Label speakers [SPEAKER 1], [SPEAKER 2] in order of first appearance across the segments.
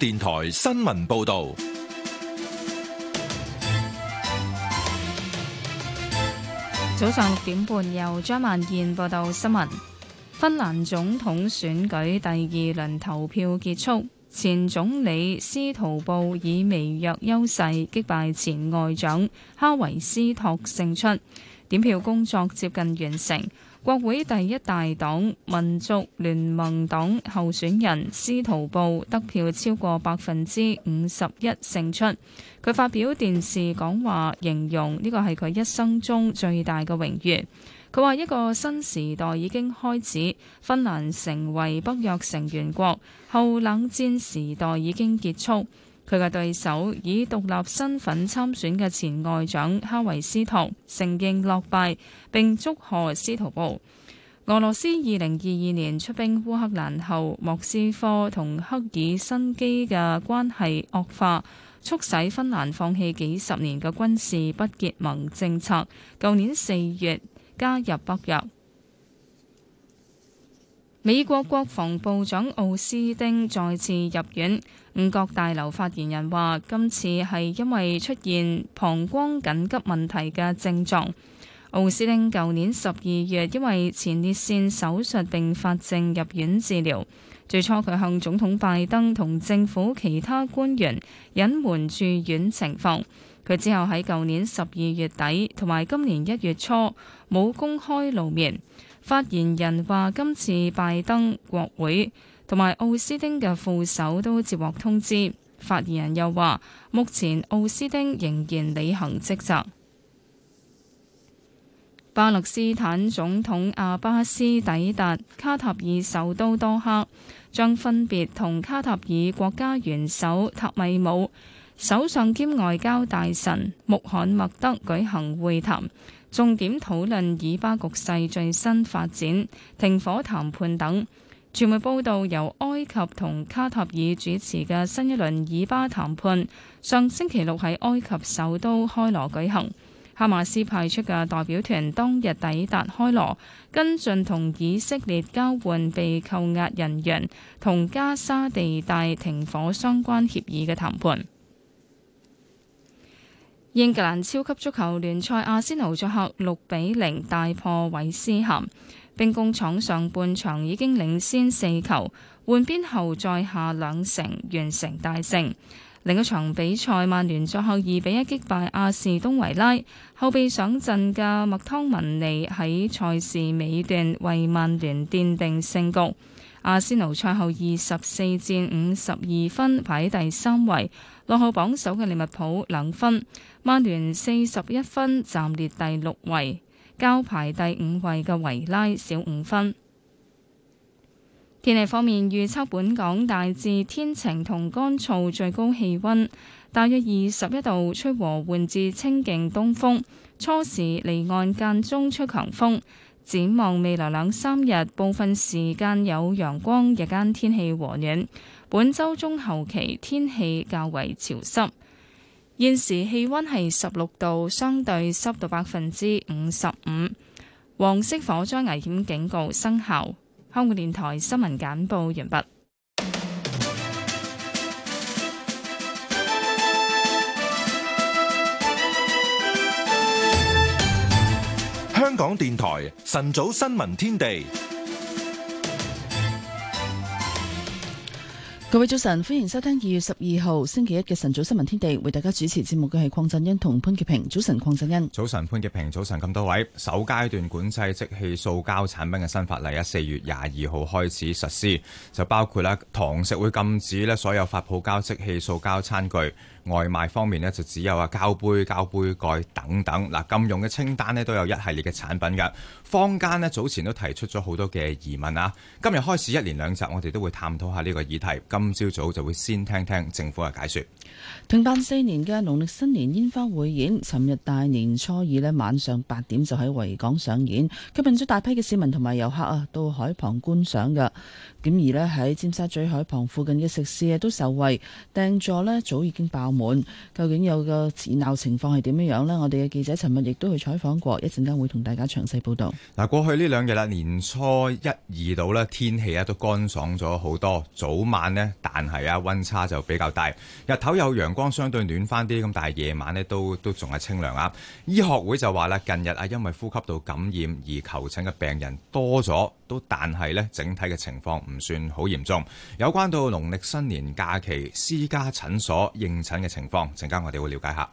[SPEAKER 1] 電台新聞報道，
[SPEAKER 2] 早上六點半，由張萬健報道新聞。芬蘭總統選舉第二輪投票結束，前總理司徒布以微弱優勢擊敗前外長哈維斯托勝出，點票工作接近完成。國會第一大黨民族聯盟黨候選人斯圖布得票超過百分之五十一勝出，佢發表電視講話，形容呢個係佢一生中最大嘅榮譽。佢話一個新時代已經開始，芬蘭成為北約成員國，後冷戰時代已經結束。佢嘅對手以獨立身份參選嘅前外長哈維斯托承認落敗，並祝賀斯圖布。俄羅斯二零二二年出兵烏克蘭後，莫斯科同赫爾辛基嘅關係惡化，促使芬蘭放棄幾十年嘅軍事不結盟政策，舊年四月加入北約。美國國防部長奧斯丁再次入院。五角大樓發言人話：今次係因為出現膀胱緊急問題嘅症狀。奧斯汀舊年十二月因為前列腺手術併發症入院治療，最初佢向總統拜登同政府其他官員隱瞞住院情況。佢之後喺舊年十二月底同埋今年一月初冇公開露面。發言人話：今次拜登國會。同埋奧斯丁嘅副手都接獲通知。發言人又話：目前奧斯丁仍然履行職責。巴勒斯坦總統阿巴斯抵達卡塔爾首都多哈，將分別同卡塔爾國家元首塔米姆、首相兼外交大臣穆罕默德舉行會談，重點討論以巴局勢最新發展、停火談判等。傳媒報道，由埃及同卡塔爾主持嘅新一輪以巴談判，上星期六喺埃及首都開羅舉行。哈馬斯派出嘅代表團當日抵達開羅，跟進同以色列交換被扣押人員同加沙地帶停火相關協議嘅談判。英格蘭超級足球聯賽，阿仙奴作客六比零大破韋斯咸。兵工廠上半場已經領先四球，換邊後再下兩城，完成大勝。另一場比賽，曼聯作客二比一擊敗阿士東維拉，後備上陣嘅麥湯文尼喺賽事尾段為曼聯奠定勝局。阿仙奴賽後二十四戰五十二分排第三位，落後榜首嘅利物浦兩分，曼聯四十一分暫列第六位。交排第五位嘅維拉少五分。天氣方面預測，本港大致天晴同乾燥，最高氣溫大約二十一度，吹和緩至清勁東風，初時離岸間中吹強風。展望未來兩三日，部分時間有陽光，日間天氣和暖。本周中後期天氣較為潮濕。現時氣溫係十六度，相對濕度百分之五十五。黃色火災危險警告生效。香港電台新聞簡報完畢。
[SPEAKER 1] 香港電台晨早新聞天地。
[SPEAKER 3] 各位早晨，歡迎收聽二月十二號星期一嘅晨早新聞天地。為大家主持節目嘅係鄺振英同潘潔平。早晨，鄺振英。早晨，潘
[SPEAKER 4] 潔平。早晨，咁多位。首階段管制即棄塑膠產品嘅新法例，喺四月廿二號開始實施，就包括啦，堂食會禁止咧所有發泡膠即棄塑膠餐具。外賣方面咧，就只有啊膠杯、膠杯蓋等等。嗱，禁用嘅清單咧，都有一系列嘅產品嘅。坊間咧早前都提出咗好多嘅疑問啊。今日開始一連兩集，我哋都會探討下呢個議題。今朝早就會先聽聽政府嘅解說。
[SPEAKER 3] 停辦四年嘅農曆新年煙花匯演，尋日大年初二咧晚上八點就喺維港上演，吸引咗大批嘅市民同埋遊客啊到海旁觀賞嘅。點而咧喺尖沙咀海旁附近嘅食肆啊，都受惠，訂座咧早已經爆滿。究竟有個鬧情況係點樣樣咧？我哋嘅記者尋日亦都去採訪過，一陣間會同大家詳細報道。
[SPEAKER 4] 嗱，過去呢兩日啦，年初一、二到咧，天氣啊都乾爽咗好多。早晚咧，但係啊，溫差就比較大。日頭有陽光，相對暖翻啲。咁但係夜晚咧，都都仲係清涼啊。醫學會就話啦，近日啊，因為呼吸道感染而求診嘅病人多咗。都但係呢，整體嘅情況唔算好嚴重。有關到農曆新年假期私家診所應診嘅情況，陣間我哋會了解下。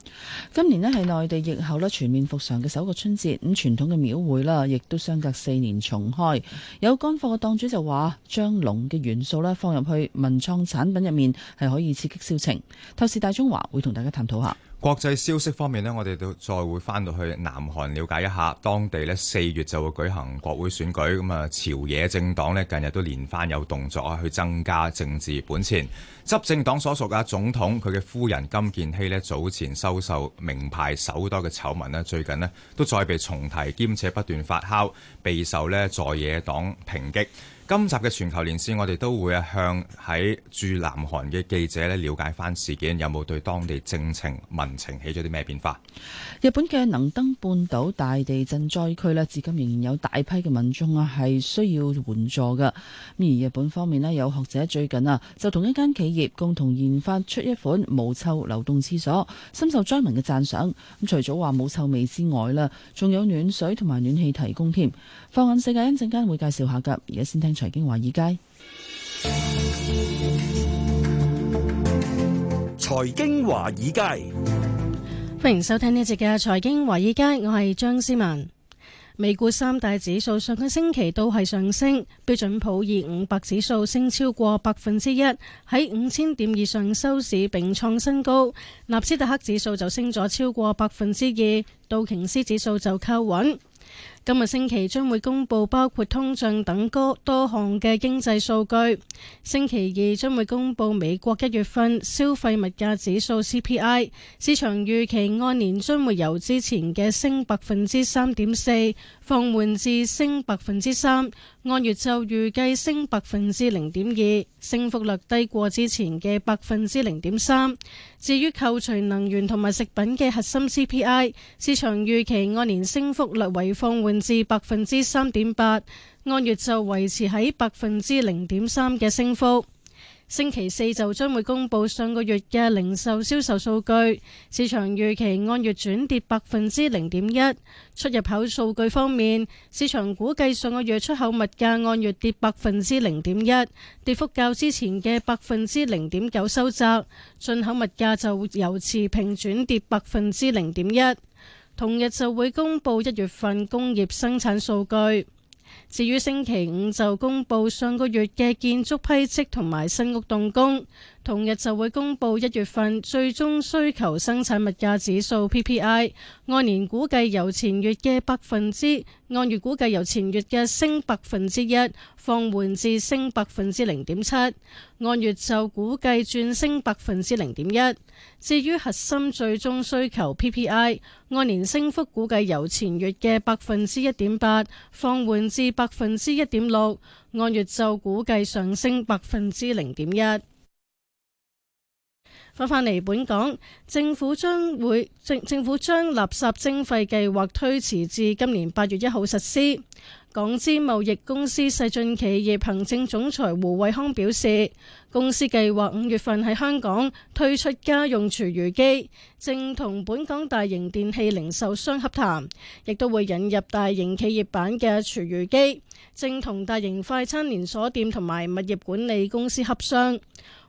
[SPEAKER 3] 今年呢係內地疫後呢全面復常嘅首個春節，咁傳統嘅廟會啦，亦都相隔四年重開。有乾貨嘅檔主就話，將龍嘅元素呢放入去文創產品入面，係可以刺激銷情，透視大中華會同大家探討下。
[SPEAKER 4] 國際消息方面呢，我哋都再會翻到去南韓，了解一下當地呢，四月就會舉行國會選舉，咁啊朝野政黨呢，近日都連番有動作啊，去增加政治本錢。執政黨所屬嘅總統佢嘅夫人金建熙呢，早前收受名牌手袋嘅醜聞呢，最近呢，都再被重提，兼且不斷發酵，備受呢在野黨抨擊。今集嘅全球連線，我哋都會向喺駐南韓嘅記者咧了解翻事件有冇對當地政情民情起咗啲咩變化？
[SPEAKER 3] 日本嘅能登半島大地震災區咧，至今仍然有大批嘅民眾啊係需要援助㗎。而日本方面咧，有學者最近啊就同一間企業共同研發出一款無臭流動廁所，深受災民嘅讚賞。咁除咗話冇臭味之外啦，仲有暖水同埋暖氣提供添。放眼世界，一陣間會介紹下㗎。而家先聽。財經華爾街，
[SPEAKER 5] 財經華爾街，
[SPEAKER 6] 歡迎收聽呢一節嘅財經華爾街。我係張思文。美股三大指數上個星期都係上升，標準普爾五百指數升超過百分之一，喺五千點以上收市並創新高；納斯達克指數就升咗超過百分之二，道瓊斯指數就靠穩。今日星期將會公布包括通脹等好多項嘅經濟數據。星期二將會公布美國一月份消費物價指數 CPI，市場預期按年將會由之前嘅升百分之三點四放緩至升百分之三。按月就預計升百分之零點二，升幅略低過之前嘅百分之零點三。至於扣除能源同埋食品嘅核心 CPI，市場預期按年升幅略為放緩至百分之三點八，按月就維持喺百分之零點三嘅升幅。星期四就將會公布上個月嘅零售銷售數據，市場預期按月轉跌百分之零點一。出入口數據方面，市場估計上個月出口物價按月跌百分之零點一，跌幅較之前嘅百分之零點九收窄，進口物價就由持平轉跌百分之零點一。同日就會公布一月份工業生產數據。至於星期五就公佈上個月嘅建築批則同埋新屋動工。同日就會公布一月份最終需求生產物價指數 （PPI），按年估計由前月嘅百分之，按月估計由前月嘅升百分之一放緩至升百分之零點七，按月就估計轉升百分之零點一。至於核心最終需求 PPI，按年升幅估計由前月嘅百分之一點八放緩至百分之一點六，按月就估計上升百分之零點一。返返嚟，本港政府將會政政府將垃圾徵費計劃推遲至今年八月一號實施。港資貿易公司世進企業行政總裁胡衛康表示，公司計劃五月份喺香港推出家用廚餘機，正同本港大型電器零售商洽談，亦都會引入大型企業版嘅廚餘機，正同大型快餐連鎖店同埋物業管理公司洽商。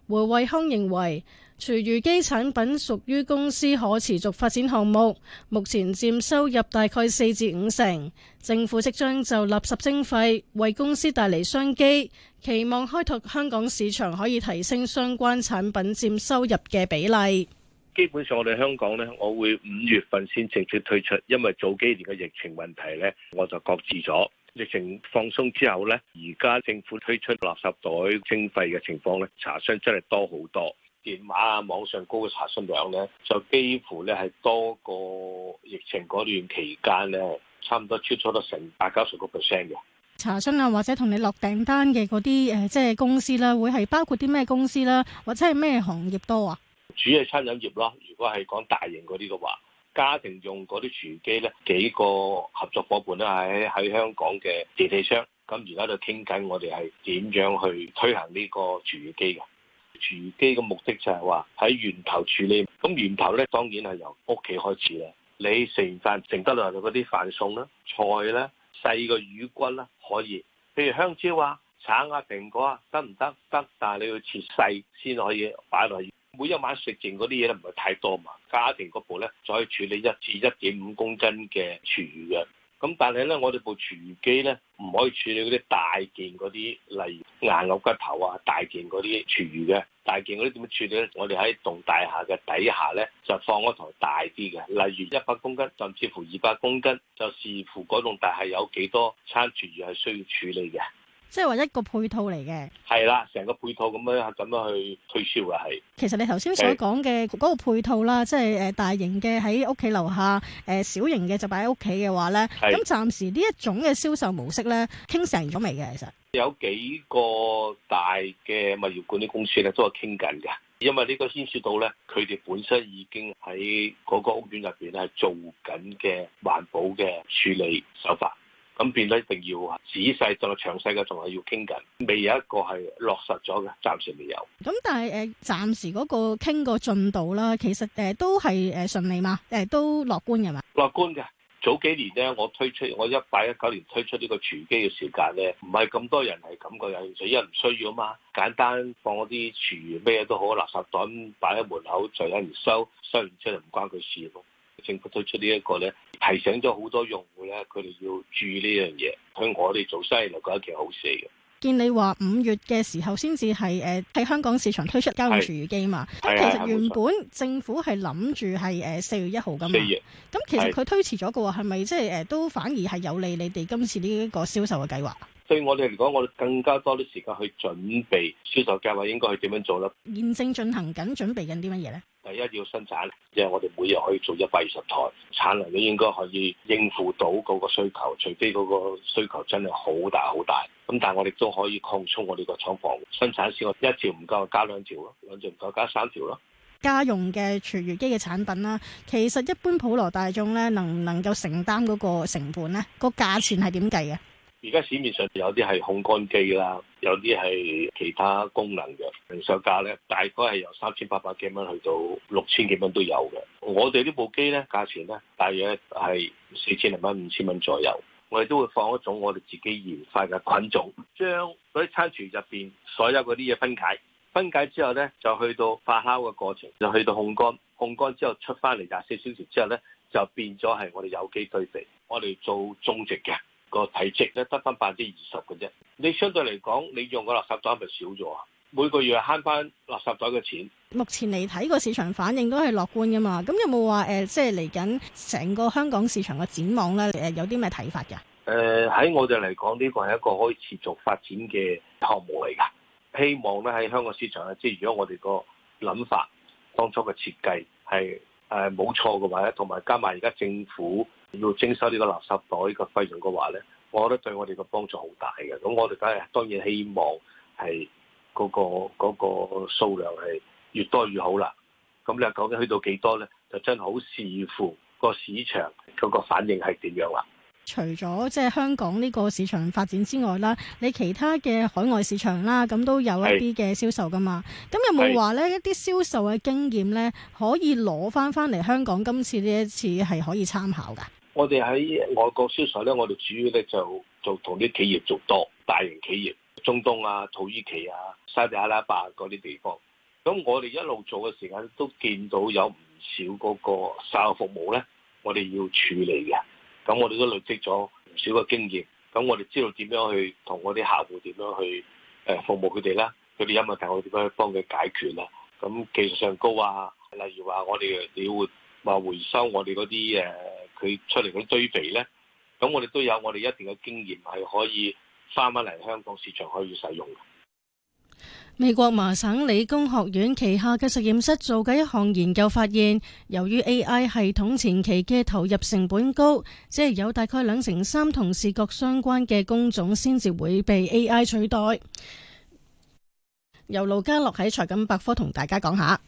[SPEAKER 6] 胡衛康認為。廚餘機產品屬於公司可持續發展項目，目前佔收入大概四至五成。政府即將就垃圾徵費為公司帶嚟商機，期望開拓香港市場可以提升相關產品佔收入嘅比例。
[SPEAKER 7] 基本上，我哋香港呢，我會五月份先正式推出，因為早幾年嘅疫情問題呢，我就擱置咗。疫情放鬆之後呢，而家政府推出垃圾袋徵費嘅情況呢，查詢真係多好多。電話啊，網上高嘅查詢量咧，就幾乎咧係多過疫情嗰段期間咧，差唔多出咗多成百九十個 percent 嘅
[SPEAKER 6] 查詢啊，或者同你落訂單嘅嗰啲誒，即係公司啦、啊，會係包括啲咩公司啦、啊，或者係咩行業多啊？
[SPEAKER 7] 主要係餐飲業咯。如果係講大型嗰啲嘅話，家庭用嗰啲廚餘機咧，幾個合作伙伴咧喺喺香港嘅電器商，咁而家就傾緊我哋係點樣去推行呢個廚餘機嘅。廚餘機嘅目的就係話喺源頭處理，咁源頭咧當然係由屋企開始啦。你食完飯剩得落嚟嗰啲飯餸啦、菜啦、細個魚骨啦，可以，譬如香蕉啊、橙啊、蘋果啊，得唔得？得，但係你要切細先可以擺落去。每一晚食剩嗰啲嘢咧，唔係太多嘛。家庭嗰部咧，就可以處理一至一點五公斤嘅廚餘嘅。咁但係咧，我哋部廚餘機咧，唔可以處理嗰啲大件嗰啲，例如硬牛骨頭啊，大件嗰啲廚餘嘅，大件嗰啲點樣處理咧？我哋喺棟大廈嘅底下咧，就放嗰台大啲嘅，例如一百公斤，甚至乎二百公斤，就視乎嗰棟大廈有幾多餐廚餘係需要處理嘅。
[SPEAKER 6] 即係話一個配套嚟嘅，
[SPEAKER 7] 係啦，成個配套咁樣咁樣去推銷嘅係。其實你頭先所
[SPEAKER 6] 講嘅嗰個配套啦，即係誒大型嘅喺屋企樓下，誒小型嘅就擺喺屋企嘅話咧，咁是暫時呢一種嘅銷售模式咧傾成咗未嘅？其
[SPEAKER 7] 實有幾個大嘅物業管理公司咧都係傾緊嘅，因為個涉呢個牽涉到咧，佢哋本身已經喺嗰個屋苑入邊係做緊嘅環保嘅處理手法。咁變咗一定要仔細，仲係詳細嘅，仲係要傾緊，未有一個係落實咗嘅，暫時未有。
[SPEAKER 6] 咁但係誒，暫時嗰個傾個進度啦，其實誒、呃、都係誒、呃、順利嘛，誒、呃、都樂觀嘅嘛。
[SPEAKER 7] 樂觀嘅，早幾年咧，我推出我一八一九年推出呢個廚機嘅時間咧，唔係咁多人係感覺有興趣，因為唔需要啊嘛，簡單放嗰啲廚餘咩都好，垃圾袋擺喺門口就有人收，收完之後就唔關佢事。政府推出呢一個咧，提醒咗好多用戶咧，佢哋要注意呢樣嘢。喺我哋做生意嚟講，一件好事嘅。
[SPEAKER 6] 見你話五月嘅時候先至係誒喺香港市場推出家用廚餘機嘛？咁是其實原本政府係諗住係誒四月一號咁。四月。咁其實佢推遲咗嘅喎，係咪即係誒都反而係有利你哋今次呢一個銷售嘅計劃？
[SPEAKER 7] 對我哋嚟講，我哋更加多啲時間去準備銷售計劃，應該去點樣做咧？
[SPEAKER 6] 現正進行緊，準備緊啲乜嘢咧？
[SPEAKER 7] 第一要生產，因為我哋每日可以做一百二十台，產量咧應該可以應付到嗰個需求。除非嗰個需求真係好大好大，咁但係我哋都可以擴充我哋個廠房生產線。我一條唔夠，加兩條咯；兩條唔夠，加三條咯。
[SPEAKER 6] 家用嘅廚餘機嘅產品啦，其實一般普羅大眾咧，能唔能夠承擔嗰個成本咧？個價錢係點計嘅？
[SPEAKER 7] 而家市面上有啲係烘乾機啦，有啲係其他功能嘅零售價咧，大概係由三千八百幾蚊去到六千幾蚊都有嘅。我哋呢部機咧，價錢咧，大約係四千零蚊、五千蚊左右。我哋都會放一種我哋自己研發嘅菌種，將嗰啲餐廚入邊所有嗰啲嘢分解，分解之後咧就去到發酵嘅過程，就去到烘乾，烘乾之後出翻嚟廿四小時之後咧就變咗係我哋有機堆肥，我哋做種植嘅。個體積咧得翻百分之二十嘅啫，你相對嚟講，你用個垃圾袋咪少咗啊？每個月慳翻垃圾袋嘅錢。
[SPEAKER 6] 目前嚟睇個市場反應都係樂觀噶嘛，咁有冇話誒，即係嚟緊成個香港市場嘅展望咧？誒有啲咩睇法噶？
[SPEAKER 7] 誒喺、呃、我哋嚟講，呢個係一個可以持續發展嘅項目嚟噶。希望咧喺香港市場咧，即係如果我哋個諗法當初嘅設計係誒冇錯嘅話咧，同埋加埋而家政府，要徵收呢個垃圾袋個費用嘅話咧，我覺得對我哋嘅幫助好大嘅。咁我哋梗係當然希望係嗰個嗰個數量係越多越好啦。咁你話究竟去到幾多咧？就真係好視乎個市場嗰個反應係點樣啦。
[SPEAKER 6] 除咗即係香港呢個市場發展之外啦，你其他嘅海外市場啦，咁都有一啲嘅銷售噶嘛。咁是有冇話咧一啲銷售嘅經驗咧，可以攞翻翻嚟香港今次呢一次係可以參考噶？
[SPEAKER 7] 我哋喺外國銷售咧，我哋主要咧就就同啲企業做多大型企業，中東啊、土耳其啊、沙地阿拉伯嗰啲地方。咁我哋一路做嘅時間都見到有唔少嗰個售後服務咧，我哋要處理嘅。咁我哋都累積咗唔少嘅經驗。咁我哋知道點樣去同我哋啲客戶點樣去誒服務佢哋啦，佢哋有問題我哋點樣去幫佢解決啊。咁技術上高啊，例如話我哋你會話回收我哋嗰啲誒。呃佢出嚟嗰啲堆肥呢，咁我哋都有我哋一定嘅經驗，係可以翻返嚟香港市場可以使用。
[SPEAKER 6] 美國麻省理工學院旗下嘅實驗室做緊一項研究，發現由於 AI 系統前期嘅投入成本高，即係有大概兩成三同視覺相關嘅工種先至會被 AI 取代。由盧家樂喺財經百科同大家講下。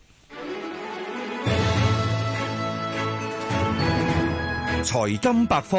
[SPEAKER 8] 財金百科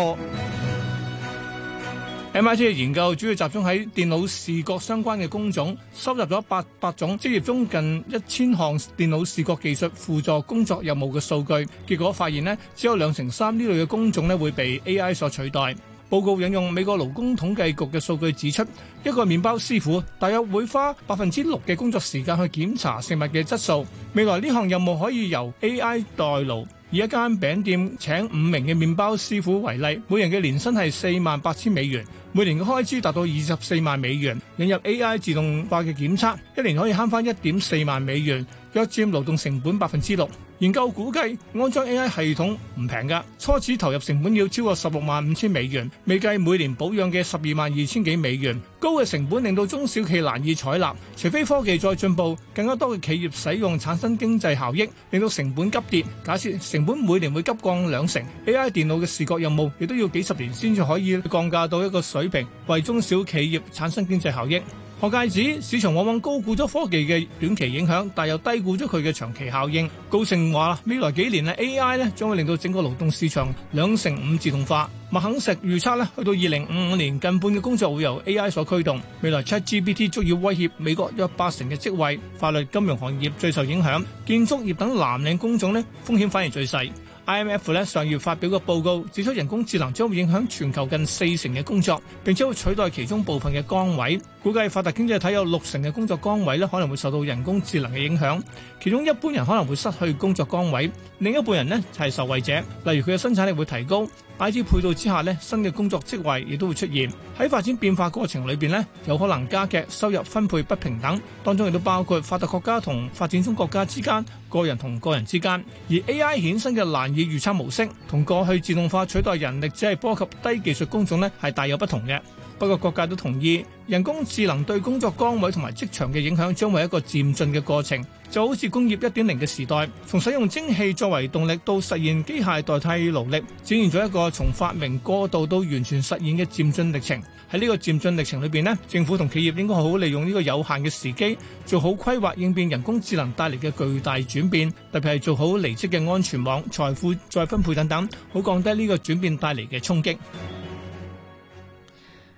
[SPEAKER 8] ，MIT 嘅研究主要集中喺電腦視覺相關嘅工種，收集咗八百種職業中近一千項電腦視覺技術輔助工作任務嘅數據，結果發現呢，只有兩成三呢類嘅工種呢會被 AI 所取代。報告引用美國勞工統計局嘅數據指出，一個麵包師傅大約會花百分之六嘅工作時間去檢查食物嘅質素。未來呢項任務可以由 AI 代勞。以一間餅店請五名嘅麵包師傅為例，每人嘅年薪係四萬八千美元，每年嘅開支達到二十四萬美元。引入 AI 自動化嘅檢測，一年可以慳翻一點四萬美元，約佔勞動成本百分之六。研究估計，安裝 AI 系統唔平㗎，初始投入成本要超過十六萬五千美元，未計每年保養嘅十二萬二千幾美元。高嘅成本令到中小企難以採納，除非科技再進步，更加多嘅企業使用產生經濟效益，令到成本急跌。假設成本每年會急降兩成，AI 電腦嘅視覺任務亦都要幾十年先至可以降價到一個水平，為中小企業產生經濟效益。學界指市場往往高估咗科技嘅短期影響，但又低估咗佢嘅長期效應。高盛話未來幾年咧，AI 咧將會令到整個勞動市場兩成五自動化。麥肯錫預測咧，去到二零五五年，近半嘅工作會由 AI 所驅動。未來 ChatGPT 足以威脅美國約八成嘅職位。法律、金融行業最受影響，建築業等藍領工種咧風險反而最細。IMF 咧上月發表個報告，指出人工智能將會影響全球近四成嘅工作，並且會取代其中部分嘅崗位。估計發達經濟體有六成嘅工作崗位咧可能會受到人工智能嘅影響。其中一半人可能會失去工作崗位，另一半人咧就係受惠者，例如佢嘅生產力會提高。喺配套之下咧，新嘅工作職位亦都會出現喺發展變化過程裏邊咧，有可能加劇收入分配不平等，當中亦都包括發達國家同發展中國家之間、個人同個人之間。而 A.I. 衍生嘅難以預測模式，同過去自動化取代人力只係波及低技術工種咧，係大有不同嘅。不過各界都同意，人工智能對工作崗位同埋職場嘅影響將會一個漸進嘅過程。就好似工業一點零嘅時代，從使用蒸汽作為動力到實現機械代替勞力，展現咗一個從發明過渡到完全實現嘅漸進歷程。喺呢個漸進歷程裏邊咧，政府同企業應該好好利用呢個有限嘅時機，做好規劃應變人工智能帶嚟嘅巨大轉變，特別係做好離職嘅安全網、財富再分配等等，好降低呢個轉變帶嚟嘅衝擊。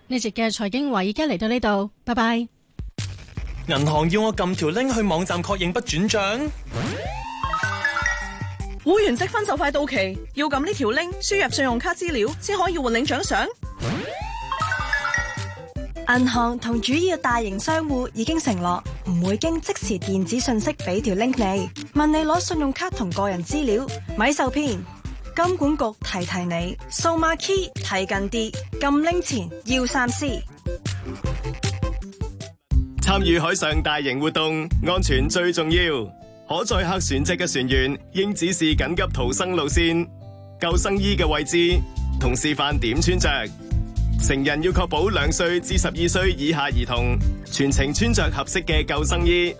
[SPEAKER 6] 呢節嘅財經話，而家嚟到呢度，拜拜。
[SPEAKER 5] 銀行要我撳條 link 去網站確認不轉賬，
[SPEAKER 9] 會員積分就快到期，要撳呢條 link 輸入信用卡資料先可以換領獎賞。銀行同主要大型商戶已經承諾唔會經即時電子訊息俾條 link 你，問你攞信用卡同個人資料咪受騙？金管局提提你，數碼 key 睇近啲，撳 link 前要三思。
[SPEAKER 4] 參與海上大型活動，安全最重要。可載客船隻嘅船員應指示緊急逃生路線、救生衣嘅位置同示範點穿着。成人要確保兩歲至十二歲以下兒童全程穿着合適嘅救生衣，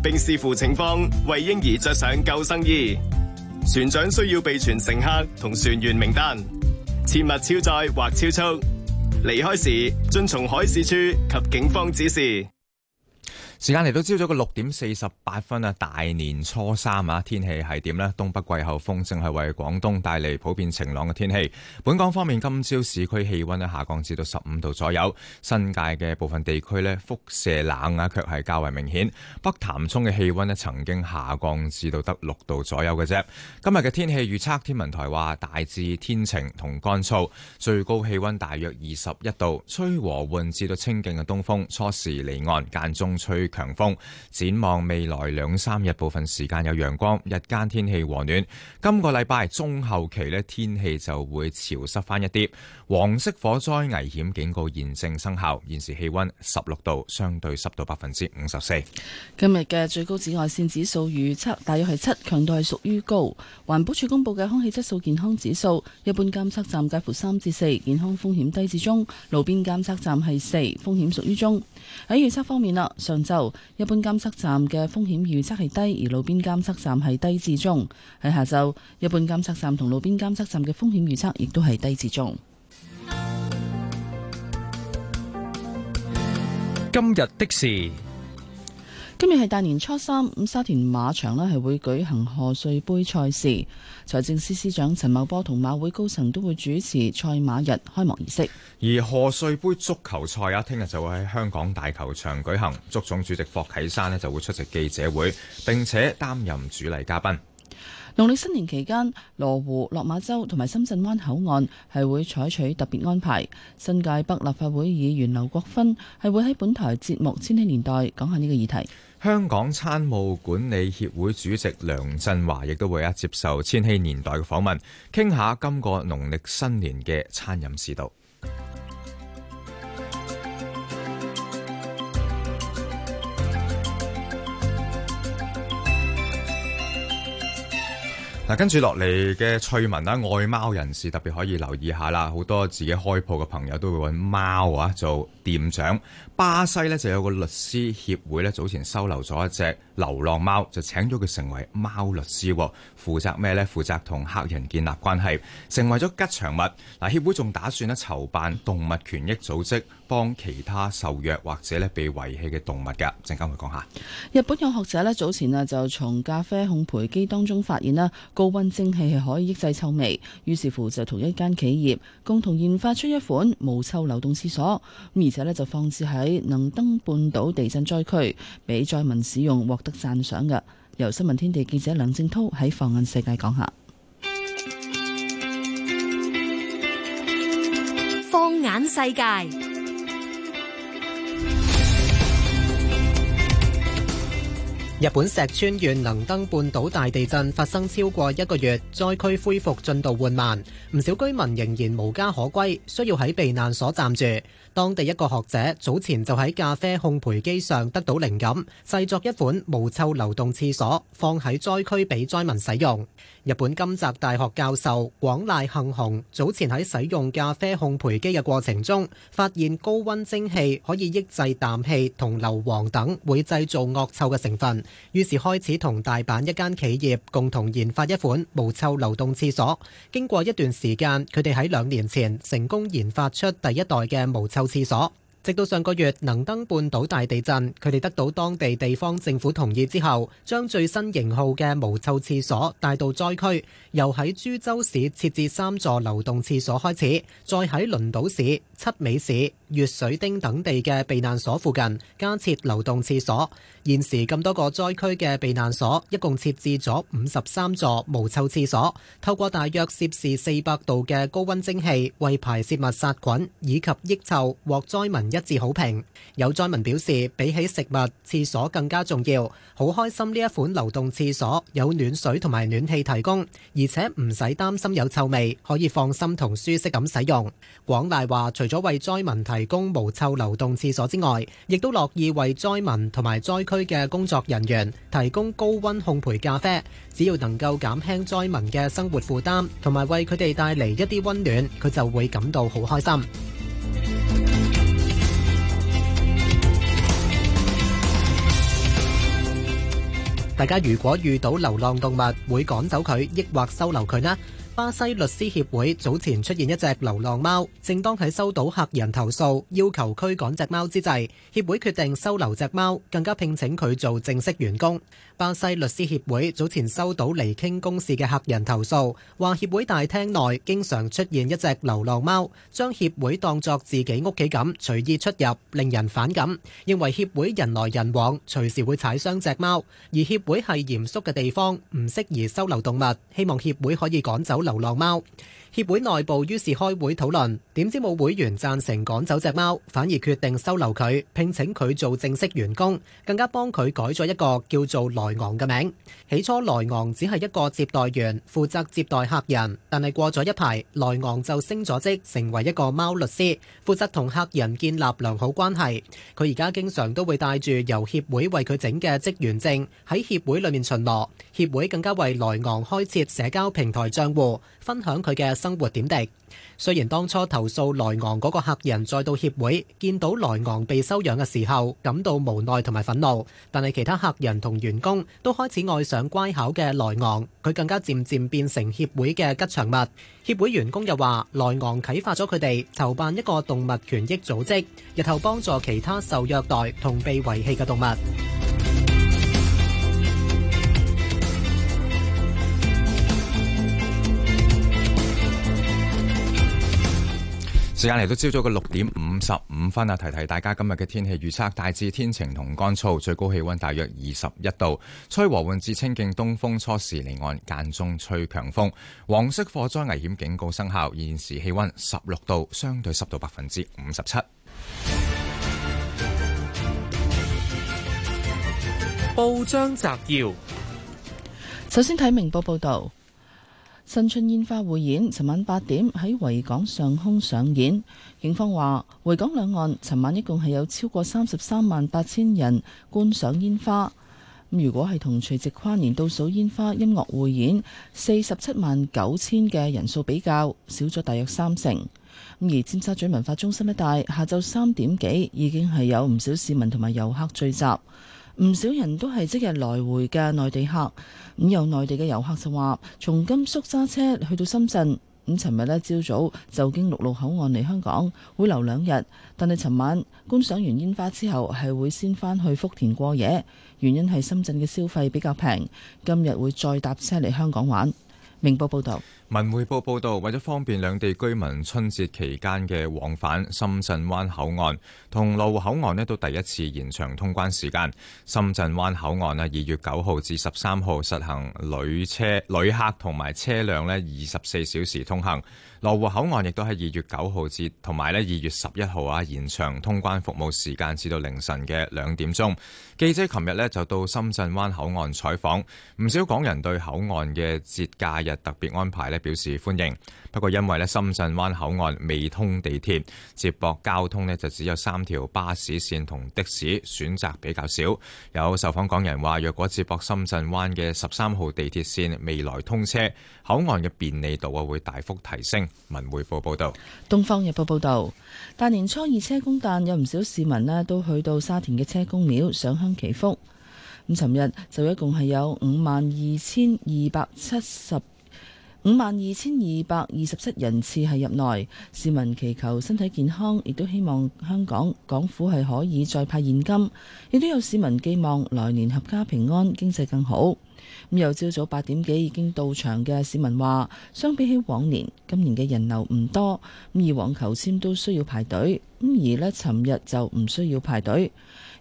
[SPEAKER 4] 並視乎情況為嬰兒着上救生衣。船長需要備全乘客同船員名單。切勿超載或超速。離開時遵從海事處及警方指示。時間嚟到朝早嘅六點四十八分啊，大年初三啊，天氣係點呢？東北季候風正係為廣東帶嚟普遍晴朗嘅天氣。本港方面，今朝市區氣溫咧下降至到十五度左右，新界嘅部分地區咧輻射冷啊，卻係較為明顯。北潭涌嘅氣溫咧曾經下降至到得六度左右嘅啫。今日嘅天氣預測，天文台話大致天晴同乾燥，最高氣溫大約二十一度，吹和緩至到清勁嘅東風，初時離岸，間中吹。強風。展望未來兩三日，部分時間有陽光，日間天氣和暖。今個禮拜中後期呢，天氣就會潮濕翻一啲。黃色火災危險警告現正生效。現時氣溫十六度，相對濕度百分之五十四。
[SPEAKER 3] 今日嘅最高紫外線指數預測大約係七，強度係屬於高。環保署公佈嘅空氣質素健康指數，一般監測站介乎三至四，健康風險低至中；路邊監測站係四，風險屬於中。喺預測方面啦，上晝一般監測站嘅風險預測係低，而路邊監測站係低至中。喺下晝，一般監測站同路邊監測站嘅風險預測亦都係低至中。
[SPEAKER 4] 今日的事。
[SPEAKER 3] 今日係大年初三，咁沙田馬場咧係會舉行賀歲盃賽事，財政司司長陳茂波同馬會高層都會主持賽馬日開幕儀式。
[SPEAKER 4] 而賀歲盃足球賽啊，聽日就會喺香港大球場舉行，足總主席霍啟山咧就會出席記者會，並且擔任主禮嘉賓。
[SPEAKER 3] 農曆新年期間，羅湖、落馬洲同埋深圳灣口岸係會採取特別安排。新界北立法會議員劉國芬係會喺本台節目《千禧年代》講下呢個議題。
[SPEAKER 4] 香港餐務管理協會主席梁振華亦都會啊接受《千禧年代》嘅訪問，傾下今個農曆新年嘅餐飲市道。跟住落嚟嘅趣聞啦，愛貓人士特別可以留意下啦，好多自己開鋪嘅朋友都會搵貓啊做店長。巴西咧就有個律師協會咧早前收留咗一隻流浪貓，就請咗佢成為貓律師，負責咩咧？負責同客人建立關係，成為咗吉祥物。嗱，協會仲打算咧籌辦動物權益組織，幫其他受虐或者咧被遺棄嘅動物噶。陣間會講下。
[SPEAKER 3] 日本有學者咧早前啊就從咖啡烘焙機當中發現啦高溫蒸汽係可以抑制臭味，於是乎就同一間企業共同研發出一款無臭流動廁所，而且咧就放置喺，喺能登半島地震災區俾災民使用，獲得讚賞嘅。由新聞天地記者梁正濤喺放眼世界講下。
[SPEAKER 10] 放眼世界，
[SPEAKER 11] 日本石川縣能登半島大地震發生超過一個月，災區恢復進度緩慢，唔少居民仍然無家可歸，需要喺避難所暫住。當地一個學者早前就喺咖啡烘焙機上得到靈感，製作一款無臭流動廁所，放喺災區畀災民使用。日本金澤大學教授廣瀨幸雄早前喺使用咖啡烘焙機嘅過程中，發現高溫蒸氣可以抑制氮氣同硫磺等會製造惡臭嘅成分，於是開始同大阪一間企業共同研發一款無臭流動廁所。經過一段時間，佢哋喺兩年前成功研發出第一代嘅無臭廁所。直到上個月，能登半島大地震，佢哋得到當地地方政府同意之後，將最新型號嘅無臭廁所帶到災區，由喺珠洲市設置三座流動廁所開始，再喺輪島市、七尾市。穴水町等地嘅避難所附近加設流動廁所，現時咁多個災區嘅避難所一共設置咗五十三座無臭廁所，透過大約攝氏四百度嘅高温蒸汽為排泄物殺菌以及抑臭，獲災民一致好評。有災民表示，比起食物，廁所更加重要，好開心呢一款流動廁所有暖水同埋暖氣提供，而且唔使擔心有臭味，可以放心同舒適咁使用。廣大話，除咗為災民提提供無臭流動廁所之外，亦都樂意為災民同埋災區嘅工作人員提供高温烘焙咖啡。只要能夠減輕災民嘅生活負擔，同埋為佢哋帶嚟一啲温暖，佢就會感到好開心。大家如果遇到流浪動物，會趕走佢，抑或收留佢呢？巴西律師協會早前出現一隻流浪貓，正當喺收到客人投訴，要求驅趕隻貓之際，協會決定收留隻貓，更加聘請佢做正式員工。巴西律師協會早前收到嚟傾公事嘅客人投訴，話協會大廳內經常出現一隻流浪貓，將協會當作自己屋企咁，隨意出入，令人反感，認為協會人來人往，隨時會踩傷隻貓，而協會係嚴肅嘅地方，唔適宜收留動物，希望協會可以趕走流浪貓協會內部於是開會討論，點知冇會員贊成趕走隻貓，反而決定收留佢，聘請佢做正式員工，更加幫佢改咗一個叫做萊昂嘅名。起初萊昂只係一個接待員，負責接待客人，但係過咗一排，萊昂就升咗職，成為一個貓律師，負責同客人建立良好關係。佢而家經常都會帶住由協會為佢整嘅職員證喺協會裏面巡邏。協會更加為萊昂開設社交平台賬戶，分享佢嘅生活點滴。雖然當初投訴萊昂嗰個客人再到協會，見到萊昂被收養嘅時候，感到無奈同埋憤怒，但係其他客人同員工都開始愛上乖巧嘅萊昂。佢更加漸漸變成協會嘅吉祥物。協會員工又話：萊昂啟發咗佢哋籌辦一個動物權益組織，日後幫助其他受虐待同被遺棄嘅動物。
[SPEAKER 4] 時間嚟到朝早嘅六點五十五分啊，提提大家今日嘅天氣預測大致天晴同乾燥，最高氣溫大約二十一度，吹和緩至清勁東風，初時離岸間中吹強風，黃色火災危險警告生效。現時氣溫十六度，相對濕度百分之五十七。
[SPEAKER 12] 報章摘要，
[SPEAKER 3] 首先睇明報報道。新春煙花匯演，尋晚八點喺維港上空上演。警方話，維港兩岸尋晚一共係有超過三十三萬八千人觀賞煙花。嗯、如果係同除夕跨年倒數煙花音樂匯演四十七萬九千嘅人數比較，少咗大約三成、嗯。而尖沙咀文化中心一帶，下晝三點幾已經係有唔少市民同埋遊客聚集。唔少人都係即日來回嘅內地客，咁、嗯、有內地嘅遊客就話：從甘肅揸車去到深圳，咁尋日呢朝早就經陸路口岸嚟香港，會留兩日，但係尋晚觀賞完煙花之後，係會先返去福田過夜，原因係深圳嘅消費比較平，今日會再搭車嚟香港玩。明報報道。
[SPEAKER 4] 文匯報報道，為咗方便兩地居民春節期間嘅往返，深圳灣口岸同羅湖口岸咧都第一次延長通關時間。深圳灣口岸咧二月九號至十三號實行旅車旅客同埋車輛咧二十四小時通行。羅湖口岸亦都喺二月九號至同埋咧二月十一號啊延長通關服務時間至到凌晨嘅兩點鐘。記者琴日咧就到深圳灣口岸採訪，唔少港人對口岸嘅節假日特別安排咧。表示歡迎，不過因為咧深圳灣口岸未通地鐵，接駁交通咧就只有三條巴士線同的士，選擇比較少。有受訪港人話，若果接駁深圳灣嘅十三號地鐵線未來通車，口岸嘅便利度啊會大幅提升。文匯報報道。
[SPEAKER 3] 東方日報報道，大年初二車公誕，有唔少市民咧都去到沙田嘅車公廟上香祈福。咁尋日，就一共係有五萬二千二百七十，五萬二千二百二十七人次係入內，市民祈求身體健康，亦都希望香港港府係可以再派現金，亦都有市民寄望來年合家平安，經濟更好。咁、嗯、由朝早八點幾已經到場嘅市民話，相比起往年，今年嘅人流唔多，咁以往求簽都需要排隊，咁而呢尋日就唔需要排隊。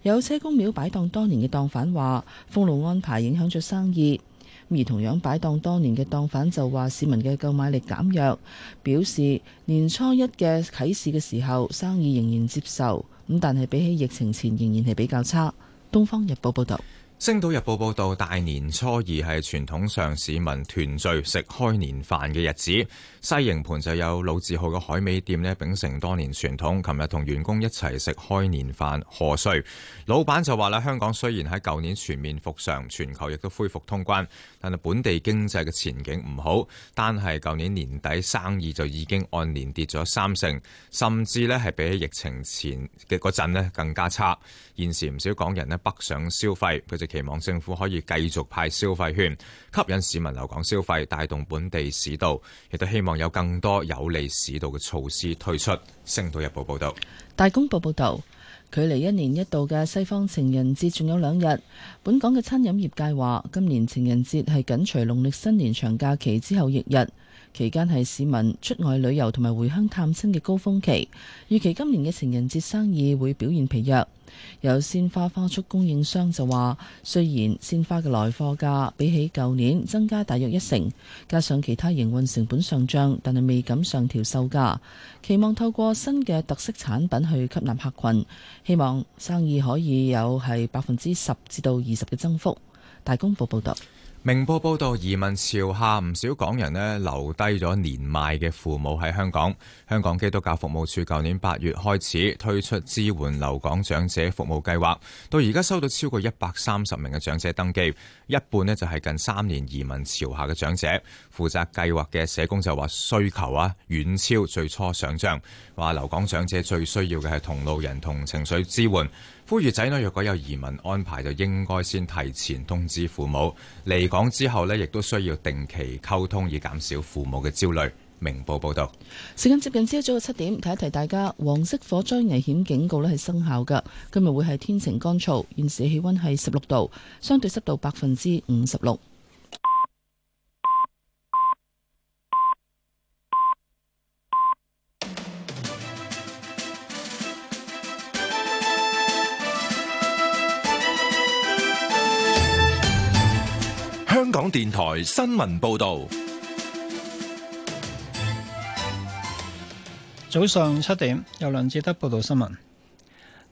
[SPEAKER 3] 有車公廟擺檔多年嘅檔販話，封路安排影響咗生意。而同樣擺檔多年嘅檔販就話：市民嘅購買力減弱，表示年初一嘅啟市嘅時候生意仍然接受，咁但係比起疫情前仍然係比較差。《東方日報》報道，
[SPEAKER 4] 《星島日報》報道，大年初二係傳統上市民團聚食開年飯嘅日子。西營盤就有老字號嘅海味店呢秉承多年傳統，琴日同員工一齊食開年飯賀歲。老闆就話啦：香港雖然喺舊年全面復常，全球亦都恢復通關，但係本地經濟嘅前景唔好。單係舊年年底生意就已經按年跌咗三成，甚至呢係比起疫情前嘅嗰陣咧更加差。現時唔少港人呢北上消費，佢就期望政府可以繼續派消費券，吸引市民留港消費，帶動本地市道，亦都希望，有更多有利市道嘅措施推出。星島日報報道，
[SPEAKER 3] 大公報報道，距離一年一度嘅西方情人節仲有兩日，本港嘅餐飲業界話，今年情人節係緊隨農曆新年長假期之後翌日，期間係市民出外旅遊同埋回鄉探親嘅高峰期，預期今年嘅情人節生意會表現疲弱。有鮮花花束供應商就話，雖然鮮花嘅來貨價比起舊年增加大約一成，加上其他營運成本上漲，但係未敢上調售價，期望透過新嘅特色產品去吸納客群，希望生意可以有係百分之十至到二十嘅增幅。大公報報道。
[SPEAKER 4] 明報報道，移民潮下唔少港人呢留低咗年邁嘅父母喺香港。香港基督教服務處舊年八月開始推出支援留港長者服務計劃，到而家收到超過一百三十名嘅長者登記，一半呢就係近三年移民潮下嘅長者。負責計劃嘅社工就話需求啊遠超最初想像，話留港長者最需要嘅係同路人同情緒支援。呼籲仔女若果有移民安排，就應該先提前通知父母。離港之後咧，亦都需要定期溝通，以減少父母嘅焦慮。明報報道。
[SPEAKER 3] 時間接近朝早嘅七點，提一提大家，黃色火災危險警告咧係生效㗎。今日會係天晴乾燥，現時氣溫係十六度，相對濕度百分之五十六。
[SPEAKER 1] 香港電台新聞報道，
[SPEAKER 13] 早上七點，由梁志德報道新聞。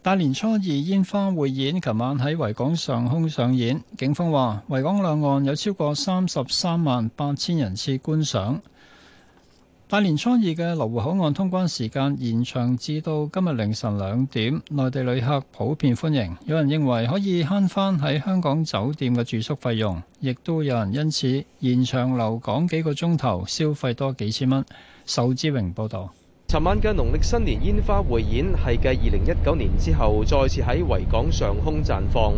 [SPEAKER 13] 大年初二煙花匯演，琴晚喺維港上空上演。警方話，維港兩岸有超過三十三萬八千人次觀賞。大年初二嘅羅湖口岸通關時間延長至到今日凌晨兩點，內地旅客普遍歡迎。有人認為可以慳翻喺香港酒店嘅住宿費用，亦都有人因此延長留港幾個鐘頭，消費多幾千蚊。仇志榮報道，
[SPEAKER 12] 尋晚嘅農曆新年煙花匯演係繼二零一九年之後再次喺維港上空綻放。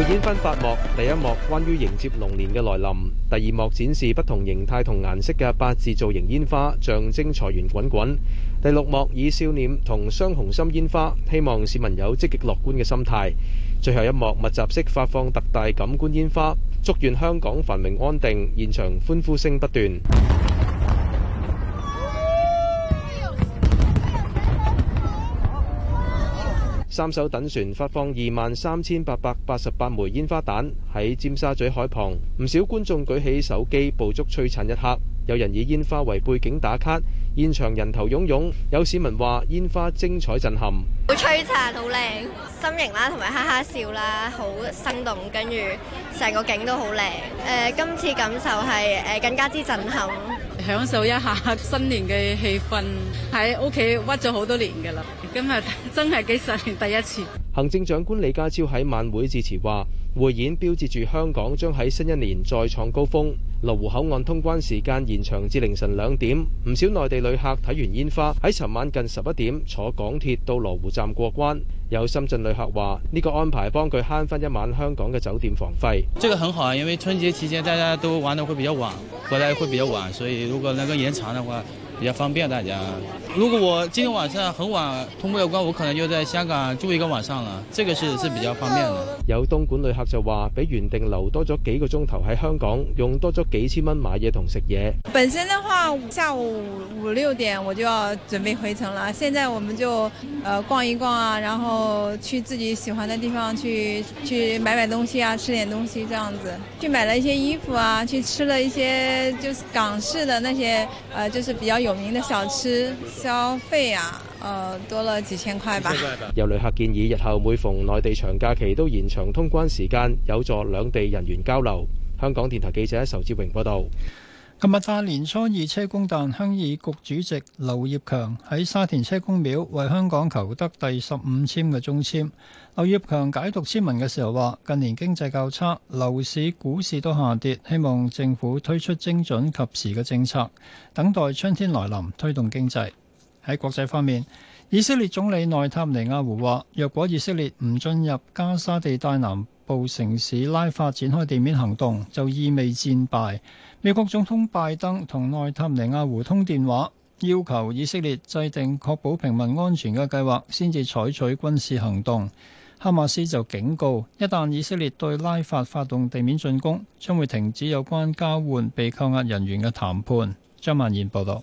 [SPEAKER 12] 匯演分八幕，第一幕關於迎接龍年嘅來臨，第二幕展示不同形態同顏色嘅八字造型煙花，象徵財源滾滾；第六幕以笑臉同雙紅心煙花，希望市民有積極樂觀嘅心態；最後一幕密集式發放特大感官煙花，祝願香港繁榮安定，現場歡呼聲不斷。三艘躉船發放二萬三千八百八十八枚煙花彈喺尖沙咀海旁，唔少觀眾舉起手機捕捉璀璨一刻，有人以煙花為背景打卡，現場人頭涌湧。有市民話：煙花精彩震撼，
[SPEAKER 9] 好璀璨，好靚，心形啦，同埋哈哈笑啦，好生動，跟住成個景都好靚。誒，今次感受係誒更加之震撼，享受一下新年嘅氣氛，喺屋企屈咗好多年噶啦。今日真係幾十年第一
[SPEAKER 12] 次。行政長官李家超喺晚會致辭話：匯演標誌住香港將喺新一年再創高峰。羅湖口岸通關時間延長至凌晨兩點，唔少內地旅客睇完煙花喺尋晚近十一點坐港鐵到羅湖站過關。有深圳旅客話：呢個安排幫佢慳返一晚香港嘅酒店房費。
[SPEAKER 13] 這個很好啊，因為春節期間大家都玩得會比較晚，回來會比較晚，所以如果能夠延長嘅話。比較方便大家。如果我今天晚上很晚通不了關，我可能就在香港住一個晚上了。
[SPEAKER 12] 這個是是比較方便的。有東莞旅客就話，比原定留多咗幾個鐘頭喺香港，用多咗幾千蚊買嘢同食嘢。
[SPEAKER 10] 本身的話，下午五六點我就要準備回程了。現在我們就，呃，逛一逛啊，然後去自己喜歡的地方去去買買東西啊，吃點東西這樣子。去買了一些衣服啊，去吃了一些就是港式的那些，呃，就是比較有。有名的小吃消費啊，呃，多了幾千塊吧。
[SPEAKER 12] 有旅客建議日後每逢內地長假期都延長通關時間，有助兩地人員交流。香港電台記者仇志榮報道。
[SPEAKER 13] 今日大年初二，車公誕，鄉議局主席劉業強喺沙田車公廟為香港求得第十五簽嘅中簽。劉業強解讀簽文嘅時候話：近年經濟較差，樓市、股市都下跌，希望政府推出精準及時嘅政策，等待春天來臨，推動經濟。喺國際方面，以色列總理內塔尼亞胡話：若果以色列唔進入加沙地帶南。部城市拉法展開地面行動，就意味戰敗。美國總統拜登同內塔尼亞胡通電話，要求以色列制定確保平民安全嘅計劃先至採取軍事行動。哈馬斯就警告，一旦以色列對拉法發動地面進攻，將會停止有關交換被扣押人員嘅談判。張曼燕報道。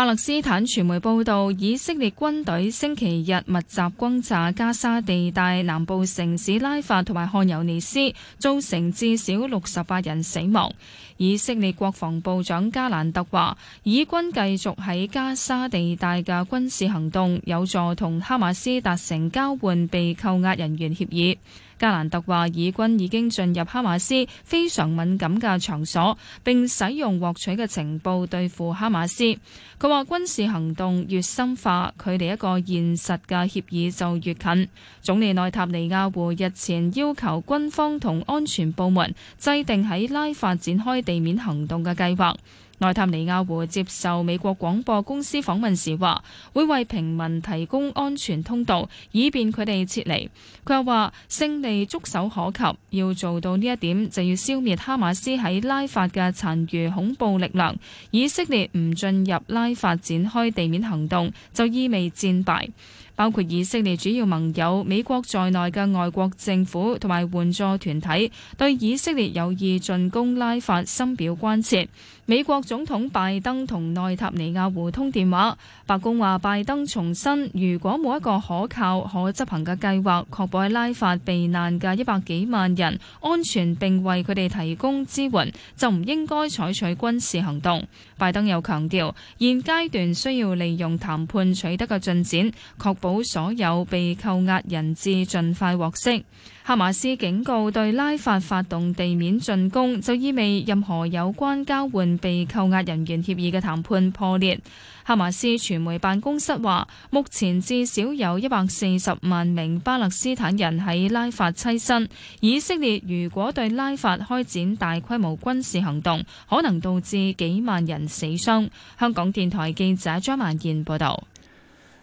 [SPEAKER 2] 巴勒斯坦傳媒報道，以色列軍隊星期日密集轟炸加沙地帶南部城市拉法同埋漢尤尼斯，造成至少六十八人死亡。以色列國防部長加蘭特話，以軍繼續喺加沙地帶嘅軍事行動，有助同哈馬斯達成交換被扣押人員協議。加蘭特話，以軍已經進入哈馬斯非常敏感嘅場所，並使用獲取嘅情報對付哈馬斯。佢話軍事行動越深化，距離一個現實嘅協議就越近。總理內塔尼亞胡日前要求軍方同安全部門制定喺拉法展開地面行動嘅計劃。內塔尼亞胡接受美國廣播公司訪問時話，會為平民提供安全通道，以便佢哋撤離，佢又話勝利觸手可及，要做到呢一點就要消滅哈馬斯喺拉法嘅殘餘恐怖力量。以色列唔進入拉法展開地面行動就意味戰敗，包括以色列主要盟友美國在內嘅外國政府同埋援助團體對以色列有意進攻拉法深表關切。美國總統拜登同內塔尼亞胡通電話，白宮話拜登重申，如果冇一個可靠、可執行嘅計劃，確保喺拉法避難嘅一百幾萬人安全，並為佢哋提供支援，就唔應該採取軍事行動。拜登又強調，現階段需要利用談判取得嘅進展，確保所有被扣押人質盡快獲釋。哈馬斯警告，對拉法發動地面進攻就意味任何有關交換被扣押人員協議嘅談判破裂。哈馬斯傳媒辦公室話，目前至少有一百四十萬名巴勒斯坦人喺拉法棲身。以色列如果對拉法開展大規模軍事行動，可能導致幾萬人死傷。香港電台記者張曼燕報道。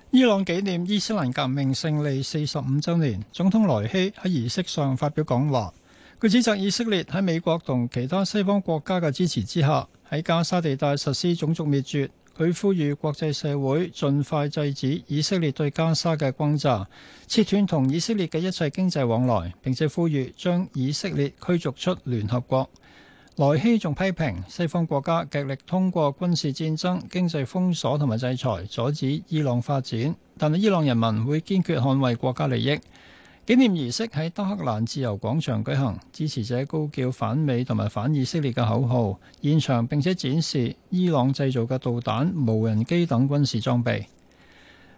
[SPEAKER 13] 伊朗紀念伊斯蘭革命勝利四十五週年，總統萊希喺儀式上發表講話。佢指責以色列喺美國同其他西方國家嘅支持之下，喺加沙地帶實施種族滅絕。佢呼籲國際社會盡快制止以色列對加沙嘅轟炸，切斷同以色列嘅一切經濟往來，並且呼籲將以色列驅逐出聯合國。萊希仲批評西方國家極力通過軍事戰爭、經濟封鎖同埋制裁，阻止伊朗發展。但係伊朗人民會堅決捍衛國家利益。紀念儀式喺德黑蘭自由廣場舉行，支持者高叫反美同埋反以色列嘅口號，現場並且展示伊朗製造嘅導彈、無人機等軍事裝備。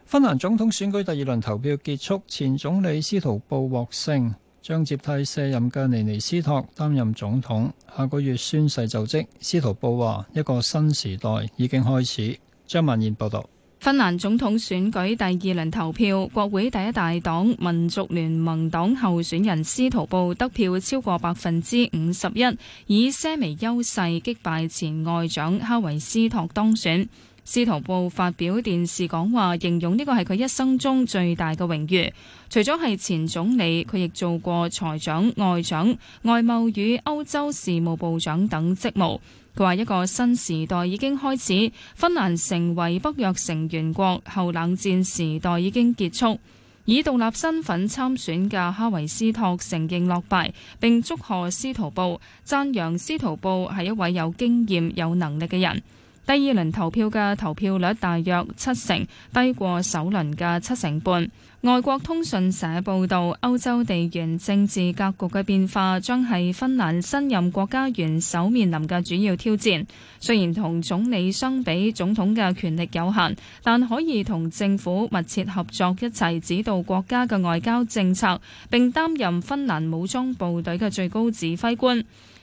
[SPEAKER 13] 芬蘭總統選舉第二輪投票結束，前總理司徒布獲勝。將接替卸任嘅尼尼斯托擔任總統，下個月宣誓就職。司徒布話：一個新時代已經開始。張曼燕報道。
[SPEAKER 2] 芬蘭總統選舉第二輪投票，國會第一大黨民族聯盟黨候選人司徒布得票超過百分之五十一，以些微優勢擊敗前外長哈維斯托當選。司徒布發表電視講話，形容呢個係佢一生中最大嘅榮譽。除咗係前總理，佢亦做過財長、外長、外貿與歐洲事務部長等職務。佢話一個新時代已經開始，芬蘭成為北約成員國，後冷戰時代已經結束。以獨立身份參選嘅哈維斯托承認落敗，並祝賀司徒布，讚揚司徒布係一位有經驗、有能力嘅人。第二輪投票嘅投票率大約七成，低過首輪嘅七成半。外國通訊社報道，歐洲地緣政治格局嘅變化將係芬蘭新任國家元首面臨嘅主要挑戰。雖然同總理相比，總統嘅權力有限，但可以同政府密切合作，一齊指導國家嘅外交政策，並擔任芬蘭武裝部隊嘅最高指揮官。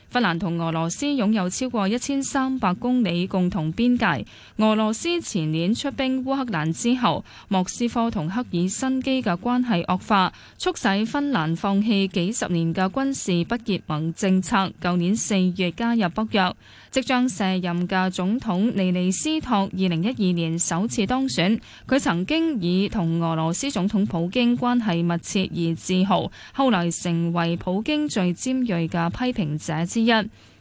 [SPEAKER 2] 芬蘭同俄羅斯擁有超過一千三百公里共同邊界。俄羅斯前年出兵烏克蘭之後，莫斯科同赫爾辛基嘅關係惡化，促使芬蘭放棄幾十年嘅軍事不結盟政策，舊年四月加入北約。即將卸任嘅總統尼尼斯托，二零一二年首次當選。佢曾經以同俄羅斯總統普京關係密切而自豪，後來成為普京最尖銳嘅批評者之一。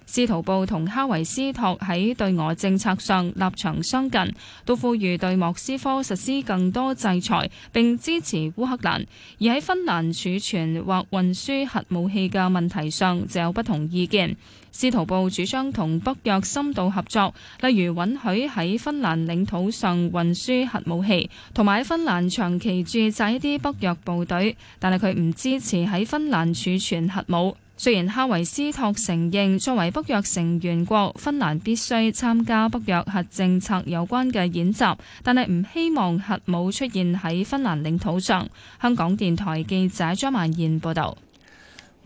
[SPEAKER 2] 斯圖布同哈維斯托喺對俄政策上立場相近，都呼籲對莫斯科實施更多制裁，並支持烏克蘭。而喺芬蘭儲存或運輸核武器嘅問題上，就有不同意見。斯圖布主張同北約深度合作，例如允許喺芬蘭領土上運輸核武器，同埋喺芬蘭長期駐紮一啲北約部隊。但係佢唔支持喺芬蘭儲存核武。雖然哈維斯托承認作為北約成員國，芬蘭必須參加北約核政策有關嘅演習，但係唔希望核武出現喺芬蘭領土上。香港電台記者張曼燕報道。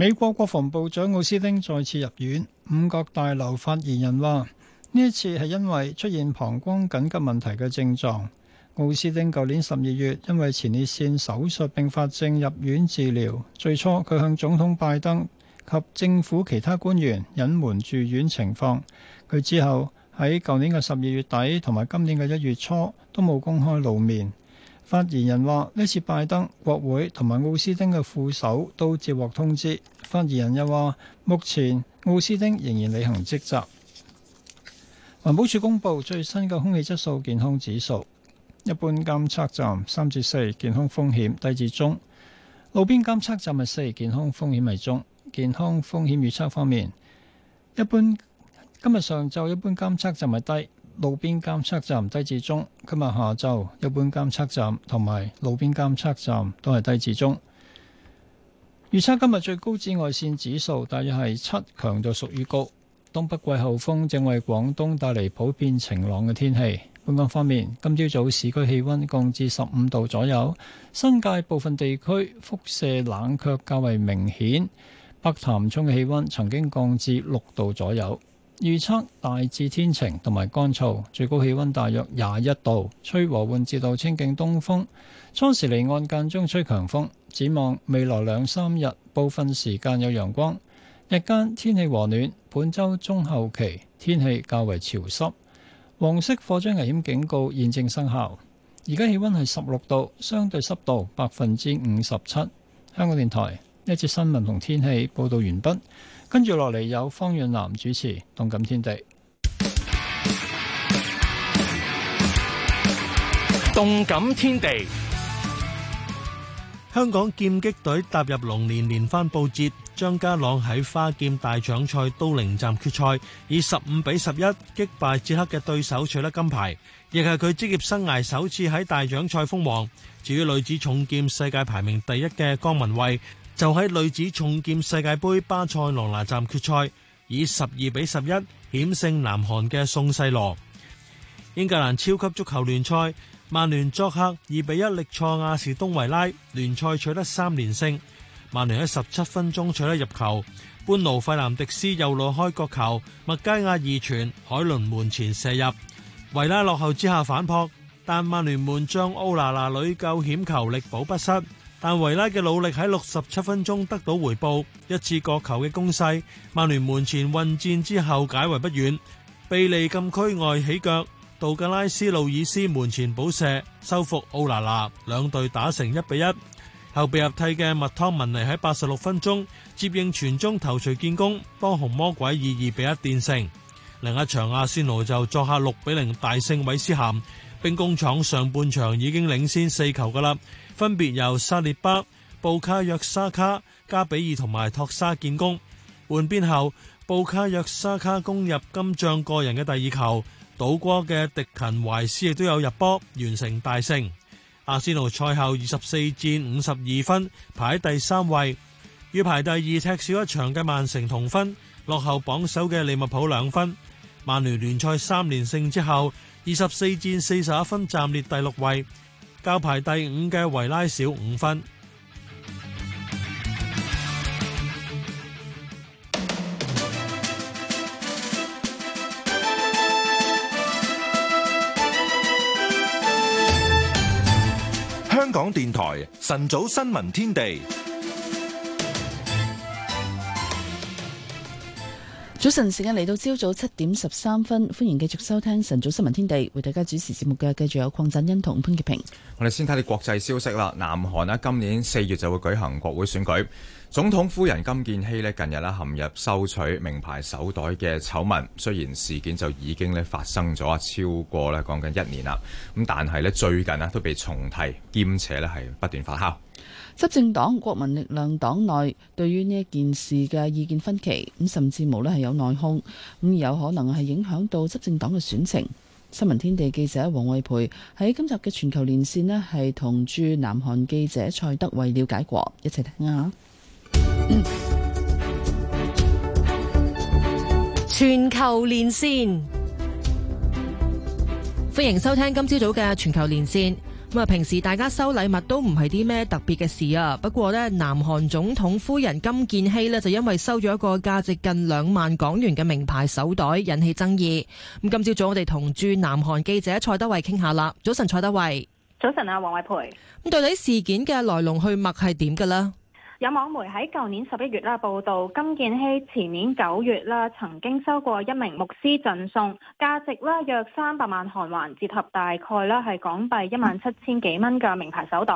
[SPEAKER 13] 美國國防部長奧斯汀再次入院，五角大樓發言人話：呢一次係因為出現膀胱緊急問題嘅症狀。奧斯汀舊年十二月因為前列腺手術併發症入院治療，最初佢向總統拜登及政府其他官員隱瞞住院情況。佢之後喺舊年嘅十二月底同埋今年嘅一月初都冇公開露面。發言人話：呢次拜登國會同埋奧斯汀嘅副手都接獲通知。發言人又話，目前奧斯汀仍然履行職責。環保署公布最新嘅空氣質素健康指數，一般監測站三至四，健康風險低至中；路邊監測站係四，健康風險係中。健康風險預測方面，一般今日上晝一般監測站係低。路邊監測站低至中，今日下晝一般監測站同埋路邊監測站都係低至中。預測今日最高紫外線指數大約係七，強度屬於高。東北季候風正為廣東帶嚟普遍晴朗嘅天氣。本港方面，今朝早市區氣溫降至十五度左右，新界部分地區輻射冷卻較為明顯，北潭涌嘅氣溫曾經降至六度左右。預測大致天晴同埋乾燥，最高氣溫大約廿一度，吹和緩至到清勁東風。初時離岸間中吹強風。展望未來兩三日，部分時間有陽光，日間天氣和暖。本周中後期天氣較為潮濕。黃色火災危險警告現正生效。而家氣溫係十六度，相對濕度百分之五十七。香港電台一節新聞同天氣報道完畢。跟住落嚟有方遠南主持《動感天地》，
[SPEAKER 5] 《動感天地》。香港劍擊隊踏入龍年連番報捷，張家朗喺花劍大獎賽都靈站決賽以十五比十一擊敗捷克嘅對手，取得金牌，亦係佢職業生涯首次喺大獎賽封王。至於女子重劍世界排名第一嘅江旻憓。就喺女子重劍世界杯巴塞羅那站決賽，以十二比十一險勝南韓嘅宋世羅。英格蘭超級足球聯賽，曼聯作客二比一力挫亞士東維拉，聯賽取得三連勝。曼聯喺十七分鐘取得入球，班奴費南迪斯右路開角球，麥佳亞二傳，海倫門前射入。維拉落後之下反撲，但曼聯門將歐娜娜女救險球力保不失。但維拉嘅努力喺六十七分鐘得到回報，一次角球嘅攻勢，曼聯門前混戰之後解圍不遠，比利禁區外起腳，杜格拉斯路爾斯門前補射，收復奧拿拿，兩隊打成一比一。後備入替嘅麥湯文尼喺八十六分鐘接應傳中頭槌建功，幫紅魔鬼以二比一電勝。另一場阿仙奴就作客六比零大勝韋斯咸，兵工廠上半場已經領先四球㗎喇。分別由沙列巴、布卡約沙卡、加比爾同埋托沙建功。換邊後，布卡約沙卡攻入今場個人嘅第二球。倒戈嘅迪勤懷斯亦都有入波，完成大勝。阿仙奴賽後二十四戰五十二分，排喺第三位，與排第二踢少一場嘅曼城同分，落後榜首嘅利物浦兩分。曼聯聯賽三連勝之後，二十四戰四十一分，暫列第六位。較排第五嘅維拉少五分。
[SPEAKER 1] 香港電台晨早新聞天地。
[SPEAKER 3] 早晨，時間嚟到朝早七點十三分，歡迎繼續收聽晨早新聞天地，為大家主持節目嘅繼續有鄺振欣同潘潔平。
[SPEAKER 4] 我哋先睇啲國際消息啦。南韓呢今年四月就會舉行國會選舉，總統夫人金建熙呢近日呢陷入收取名牌手袋嘅醜聞，雖然事件就已經呢發生咗啊超過呢講緊一年啦，咁但係呢最近啊都被重提，兼且呢係不斷發酵。
[SPEAKER 3] 執政黨國民力量黨內對於呢一件事嘅意見分歧，咁甚至無啦係有內訌，咁有可能係影響到執政黨嘅選情。新聞天地記者王慧培喺今集嘅全球連線咧，係同駐南韓記者蔡德偉了解過，一齊聽下。嗯、
[SPEAKER 10] 全球連線，歡迎收聽今朝早嘅全球連線。咁啊！平時大家收禮物都唔係啲咩特別嘅事啊，不過咧，南韓總統夫人金建希呢，就因為收咗一個價值近兩萬港元嘅名牌手袋引起爭議。咁今朝早，早我哋同駐南韓記者蔡德偉傾下啦。早晨，蔡德偉。早晨啊，黃偉培。咁到底事件嘅來龍去脈係點噶咧？
[SPEAKER 9] 有網媒喺舊年十一月啦，報道金建熙前年九月啦，曾經收過一名牧師贈送，價值啦約三百萬韓圜，折合大概啦係港幣一萬七千幾蚊嘅名牌手袋。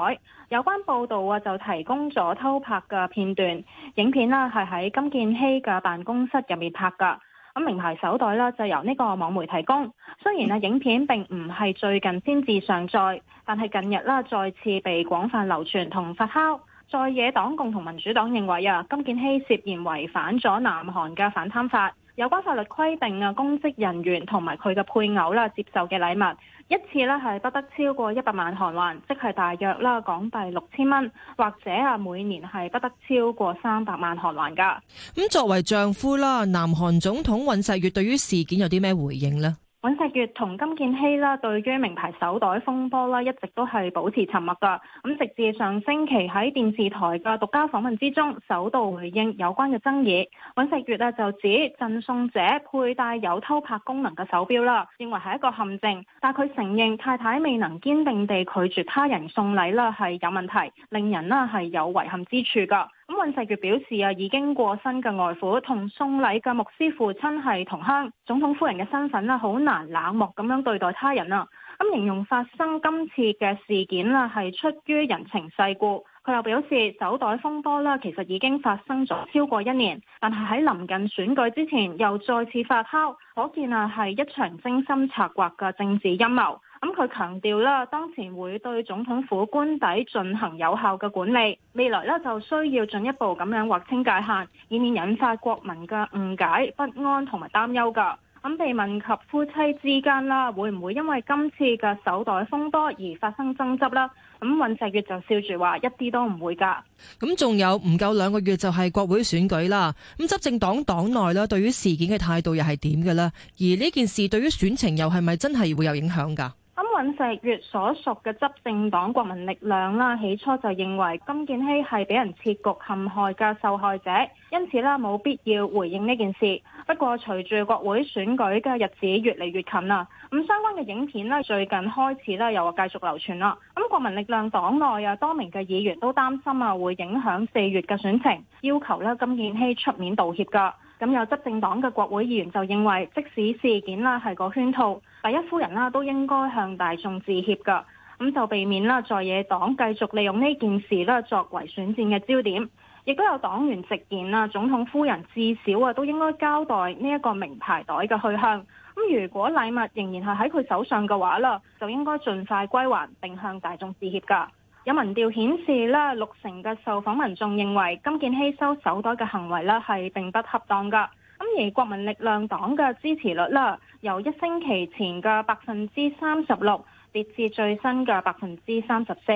[SPEAKER 9] 有關報導啊，就提供咗偷拍嘅片段，影片啦係喺金建熙嘅辦公室入面拍㗎。咁名牌手袋啦就由呢個網媒提供。雖然啊，影片並唔係最近先至上載，但係近日啦再次被廣泛流傳同發酵。在野黨共同民主黨認為啊，金建熙涉嫌違反咗南韓嘅反貪法。有關法律規定啊，公職人員同埋佢嘅配偶啦，接受嘅禮物一次咧係不得超過一百萬韓元，即係大約啦港幣六千蚊，或者啊每年係不得超過三百萬韓元噶。咁
[SPEAKER 10] 作為丈夫啦，南韓總統尹錫悅對於事件有啲咩回應呢？
[SPEAKER 9] 尹錫悅同金建希啦，對於名牌手袋風波啦，一直都係保持沉默噶。咁直至上星期喺電視台嘅獨家訪問之中，首度回應有關嘅爭議。尹錫悅啊，就指贈送者佩戴有偷拍功能嘅手錶啦，認為係一個陷阱。但佢承認太太未能堅定地拒絕他人送禮啦，係有問題，令人啦係有遺憾之處噶。咁尹世杰表示啊，已經過身嘅外父同送禮嘅牧師父親係同鄉，總統夫人嘅身份啦，好難冷漠咁樣對待他人啊。咁形容發生今次嘅事件啦，係出於人情世故。佢又表示，酒袋風波啦，其實已經發生咗超過一年，但係喺臨近選舉之前又再次發酵，可見啊係一場精心策劃嘅政治陰謀。咁佢強調啦，當前會對總統府官邸進行有效嘅管理，未來咧就需要進一步咁樣劃清界限，以免引發國民嘅誤解、不安同埋擔憂噶。咁被問及夫妻之間啦，會唔會因為今次嘅手袋風波而發生爭執啦？咁尹錫悅就笑住話：一啲都唔會噶。
[SPEAKER 10] 咁仲有唔夠兩個月就係國會選舉啦。咁執政黨黨內啦對於事件嘅態度又係點嘅咧？而呢件事對於選情又係咪真係會有影響噶？
[SPEAKER 9] 尹錫悅所屬嘅執政黨國民力量啦，起初就認為金建希係俾人設局陷害嘅受害者，因此啦冇必要回應呢件事。不過，隨住國會選舉嘅日子越嚟越近啦，咁相關嘅影片咧最近開始咧又話繼續流傳啦。咁國民力量黨內啊多名嘅議員都擔心啊會影響四月嘅選情，要求咧金建希出面道歉噶。咁有執政黨嘅國會議員就認為，即使事件啦係個圈套。第一夫人啦，都應該向大眾致歉噶，咁就避免啦在野黨繼續利用呢件事啦作為選戰嘅焦點，亦都有黨員直言啊總統夫人至少啊都應該交代呢一個名牌袋嘅去向。咁如果禮物仍然係喺佢手上嘅話啦，就應該盡快歸還並向大眾致歉噶。有民調顯示啦，六成嘅受訪民眾認為金建希收手袋嘅行為咧係並不恰當噶。咁而國民力量黨嘅支持率啦，由一星期前嘅百分之三十六，跌至最新嘅百分之三十四。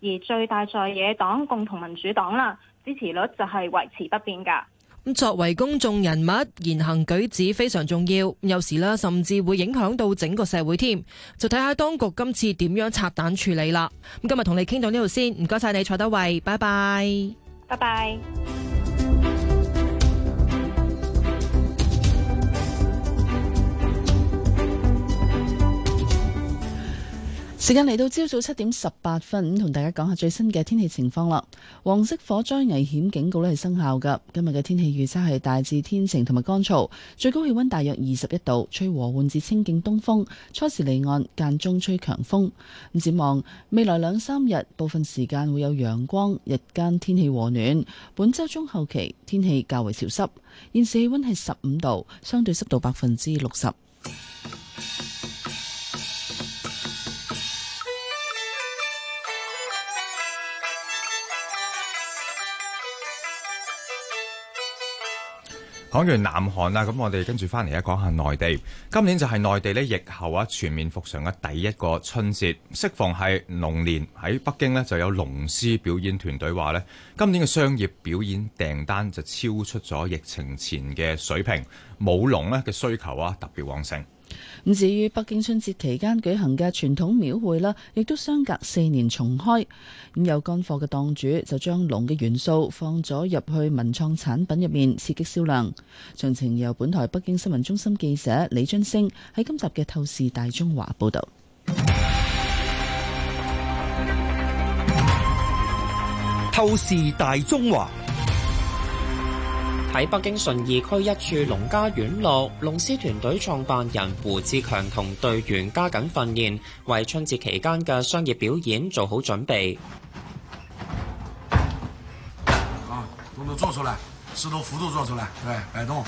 [SPEAKER 9] 而最大在野黨共同民主黨啦，支持率就係維持不變噶。咁
[SPEAKER 10] 作為公眾人物，言行舉止非常重要，有時啦甚至會影響到整個社會添。就睇下當局今次點樣拆彈處理啦。咁今日同你傾到呢度先，唔該晒，你蔡德偉，拜拜，
[SPEAKER 9] 拜拜。
[SPEAKER 3] 時間嚟到朝早七點十八分，咁同大家講下最新嘅天氣情況啦。黃色火災危險警告呢係生效噶今日嘅天氣預測係大致天晴同埋乾燥，最高氣溫大約二十一度，吹和緩至清勁東風，初時離岸，間中吹強風。咁展望未來兩三日，部分時間會有陽光，日間天氣和暖。本周中後期天氣較為潮濕。現時氣溫係十五度，相對濕度百分之六十。
[SPEAKER 4] 講完南韓啦，咁我哋跟住翻嚟，咧講下內地。今年就係內地咧疫後啊全面復常嘅第一個春節，適逢係龍年，喺北京咧，就有龍獅表演團隊話咧，今年嘅商業表演訂單就超出咗疫情前嘅水平，舞龍咧嘅需求啊特別旺盛。
[SPEAKER 3] 至於北京春節期間舉行嘅傳統廟會啦，亦都相隔四年重開。咁有乾貨嘅檔主就將龍嘅元素放咗入去文創產品入面，刺激銷量。詳情由本台北京新聞中心記者李津星喺今集嘅《透視大中華》報導。
[SPEAKER 14] 《透視大中華》喺北京順義區一處農家院落，龍獅團隊創辦人胡志強同隊員加緊訓練，為春節期間嘅商業表演做好準備。
[SPEAKER 15] 啊，動作做出來，石頭幅度做出來，對，擺動。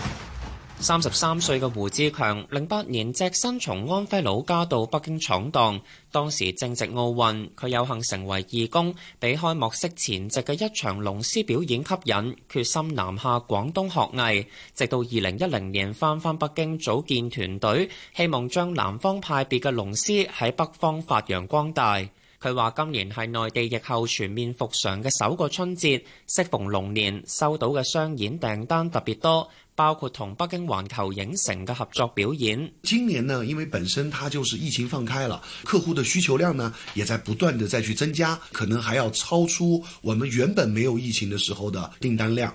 [SPEAKER 14] 三十三歲嘅胡志強，零八年隻身從安徽老家到北京闖蕩，當時正值奧運，佢有幸成為義工，被開幕式前夕嘅一場龍獅表演吸引，決心南下廣東學藝。直到二零一零年翻返北京，組建團隊，希望將南方派別嘅龍獅喺北方發揚光大。佢話：今年係內地疫後全面復常嘅首個春節，適逢龍年，收到嘅商演訂單特別多。包括同北京環球影城的合作表演。今年呢，因為本身它就是疫情放開了，客戶的需求量
[SPEAKER 15] 呢，也在不斷的再去增加，可能還要超出我們原本沒有疫情的時候的訂單量。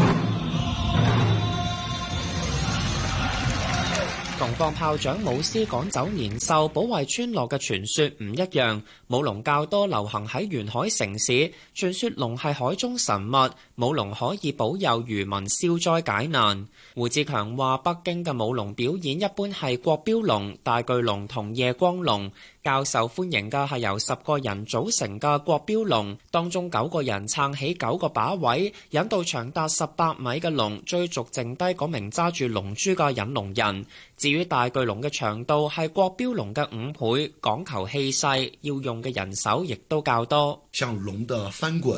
[SPEAKER 14] 放炮仗、舞獅趕走年獸、保衛村落嘅傳說唔一樣。舞龍較多流行喺沿海城市，傳說龍係海中神物，舞龍可以保佑漁民消災解難。胡志強話：北京嘅舞龍表演一般係國標龍、大巨龍同夜光龍。較受歡迎嘅係由十個人組成嘅國標龍，當中九個人撐起九個把位，引導長達十八米嘅龍追逐剩低嗰名揸住龍珠嘅引龍人。至於大巨龍嘅長度係國標龍嘅五倍，講求氣勢，要用嘅人手亦都較多。像龍嘅翻滾。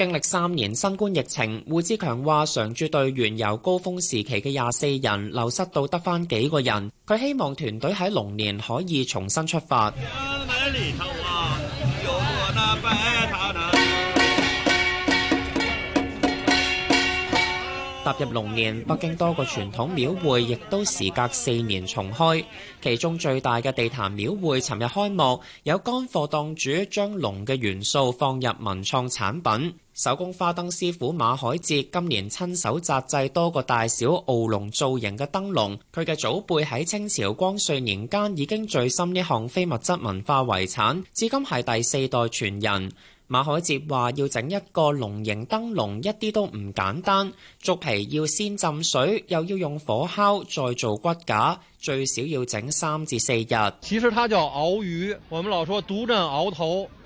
[SPEAKER 14] 經歷三年新冠疫情，胡志強話常駐隊員由高峰時期嘅廿四人流失到得返幾個人。佢希望團隊喺龍年可以重新出發。
[SPEAKER 5] 啊、
[SPEAKER 14] 踏入龍年，北京多個傳統廟會亦都時隔四年重開，其中最大嘅地壇廟會尋日開幕，有乾貨檔主將龍嘅元素放入文創產品。手工花燈師傅馬海哲今年親手紮製多個大小鰲龍造型嘅燈籠。佢嘅祖輩喺清朝光緒年間已經醉心呢項非物質文化遺產，至今係第四代傳人。馬海哲話：要整一個龍形燈籠，一啲都唔簡單。竹皮要先浸水，又要用火烤，再做骨架，最少要整三至四日。其實它叫鰲魚，我們老說獨鎮鰲頭。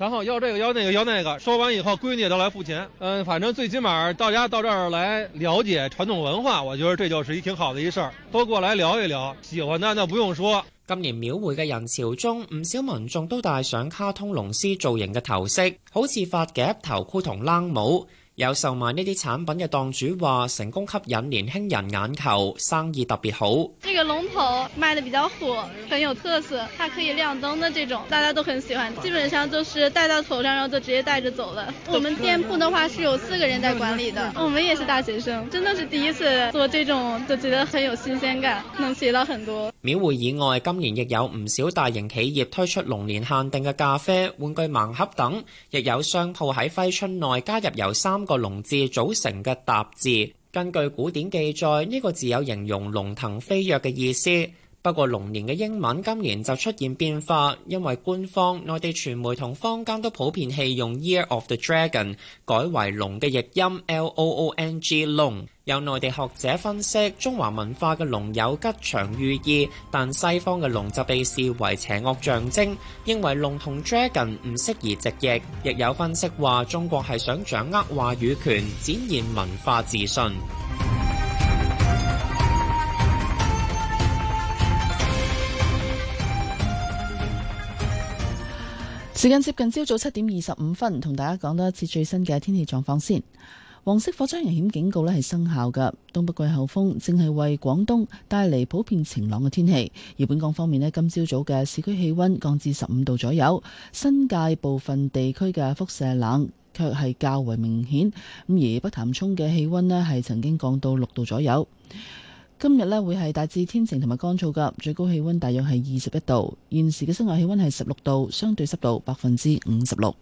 [SPEAKER 14] 然後要這個要那個要那個，說完以後，閨女都來付錢。嗯，反正最起碼大家到這兒來了解傳統文化，我覺得這就是一挺好的一事兒，都過來聊一聊。喜歡的那不用說。今年廟會嘅人潮中，唔少民眾都戴上卡通龍獅造型嘅頭飾，好似髮夾、頭箍同冷帽。有售賣呢啲產品嘅檔主話，成功吸引年輕人眼球，生意特別好。
[SPEAKER 9] 這個龍頭賣得比較火，很有特色，它可以亮燈的這種，大家都很喜歡。基本上就是戴到頭上，然後就直接帶着走了。我們店鋪的話是有四個人在管理的，
[SPEAKER 2] 我們也是大學生，真的是第一次做這種，就覺得很有新鮮感，能學到很多。
[SPEAKER 14] 廟會以外，今年亦有唔少大型企業推出龍年限定嘅咖啡、玩具盲盒等，亦有商鋪喺揮春內加入由三個龍字組成嘅“達”字，根據古典記載，呢、這個字有形容龍騰飛躍嘅意思。不過龍年嘅英文今年就出現變化，因為官方、內地傳媒同坊間都普遍棄用 Year of the Dragon，改為龍嘅譯音 L O O N G 龍。有內地學者分析，中華文化嘅龍有吉祥寓意，但西方嘅龍就被視為邪惡象徵，認為龍同 dragon 唔適宜直譯。亦有分析話，中國係想掌握話語權，展現文化自信。
[SPEAKER 3] 時間接近朝早七點二十五分，同大家講多一次最新嘅天氣狀況先。黃色火災危險警告呢係生效嘅，東北季候風正係為廣東帶嚟普遍晴朗嘅天氣。而本港方面呢，今朝早嘅市區氣溫降至十五度左右，新界部分地區嘅輻射冷卻係較為明顯。咁而北潭涌嘅氣溫呢，係曾經降到六度左右。今日呢，會係大致天晴同埋乾燥嘅，最高氣溫大約係二十一度。現時嘅室外氣溫係十六度，相對濕度百分之五十六。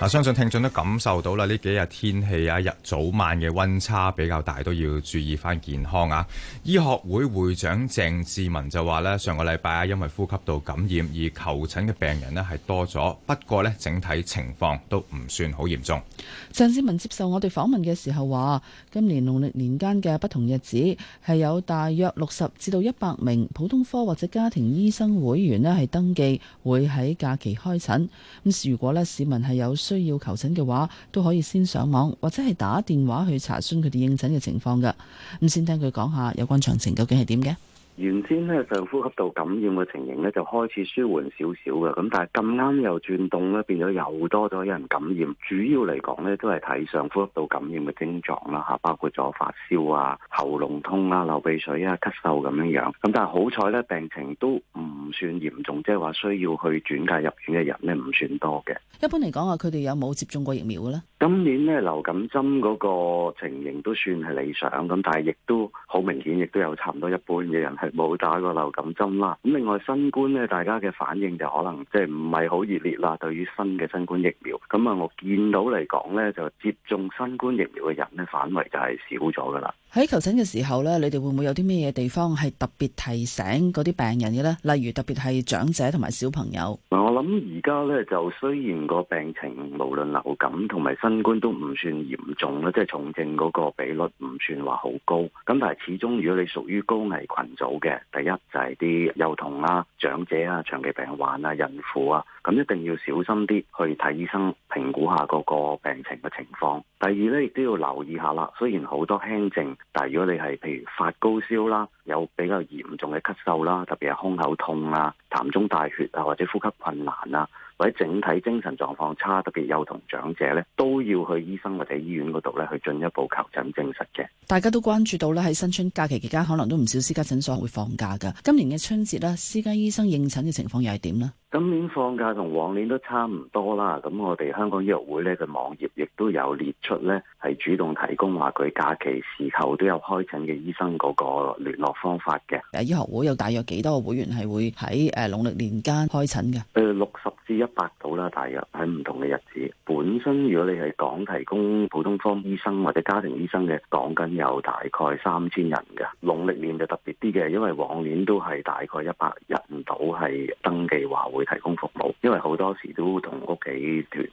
[SPEAKER 4] 嗱，相信聽眾都感受到啦，呢幾日天，天氣啊，日早晚嘅溫差比較大，都要注意翻健康啊！醫學會會長鄭志文就話咧，上個禮拜啊，因為呼吸道感染而求診嘅病人咧係多咗，不過咧整體情況都唔算好嚴重。
[SPEAKER 3] 鄭志文接受我哋訪問嘅時候話，今年農曆年間嘅不同日子係有大約六十至到一百名普通科或者家庭醫生會員咧係登記會喺假期開診，咁如果咧市民係有，需要求診嘅話，都可以先上網或者係打電話去查詢佢哋應診嘅情況㗎。咁先聽佢講下有關詳情究竟係點嘅。
[SPEAKER 16] 原先咧，上呼吸道感染嘅情形，咧就開始舒緩少少嘅，咁但係咁啱又轉凍咧，變咗又多咗一人感染。主要嚟講咧，都係睇上呼吸道感染嘅症狀啦，嚇，包括咗發燒啊、喉嚨痛啊、流鼻水啊、咳嗽咁樣樣。咁但係好彩咧，病情都唔算嚴重，即係話需要去轉介入院嘅人咧唔算多嘅。
[SPEAKER 3] 一般嚟講啊，佢哋有冇接種過疫苗嘅咧？
[SPEAKER 16] 今年咧，流感針嗰個情形都算係理想咁，但係亦都好明顯，亦都有差唔多一半嘅人係。冇打過流感針啦，咁另外新冠咧，大家嘅反應就可能即係唔係好熱烈啦。對於新嘅新冠疫苗，咁啊，我見到嚟講咧，就接種新冠疫苗嘅人咧反為就係少咗噶啦。
[SPEAKER 3] 喺求診嘅時候咧，你哋會唔會有啲咩嘢地方係特別提醒嗰啲病人嘅咧？例如特別係長者同埋小朋友。
[SPEAKER 16] 嗱，我諗而家咧就雖然個病情無論流感同埋新冠都唔算嚴重咧，即係重症嗰個比率唔算話好高。咁但係始終如果你屬於高危群組嘅，第一就係啲幼童啦、啊、長者啊、長期病患啊、孕婦啊，咁一定要小心啲去睇醫生評估下嗰個病情嘅情況。第二咧亦都要留意下啦，雖然好多輕症。但係如果你係譬如發高燒啦，有比較嚴重嘅咳嗽啦，特別係胸口痛啊、痰中帶血啊，或者呼吸困難啊。或者整體精神狀況差，特別幼童長者咧，都要去醫生或者醫院嗰度咧去進一步求診證實嘅。
[SPEAKER 3] 大家都關注到咧，喺新春假期期間，可能都唔少私家診所會放假噶。今年嘅春節啦，私家醫生應診嘅情況又係點咧？
[SPEAKER 16] 今年放假同往年都差唔多啦。咁我哋香港醫學會咧嘅網頁亦都有列出咧，係主動提供話佢假期時候都有開診嘅醫生嗰個聯絡方法嘅。
[SPEAKER 3] 誒醫學會有大約幾多個會員係會喺誒農曆年間開診嘅？
[SPEAKER 16] 誒六十至一。百度啦，大約喺唔同嘅日子。本身如果你係講提供普通科醫生或者家庭醫生嘅，講緊有大概三千人嘅。農曆年就特別啲嘅，因為往年都係大概一百人唔到係登記話會提供服務，因為好多時都同屋企團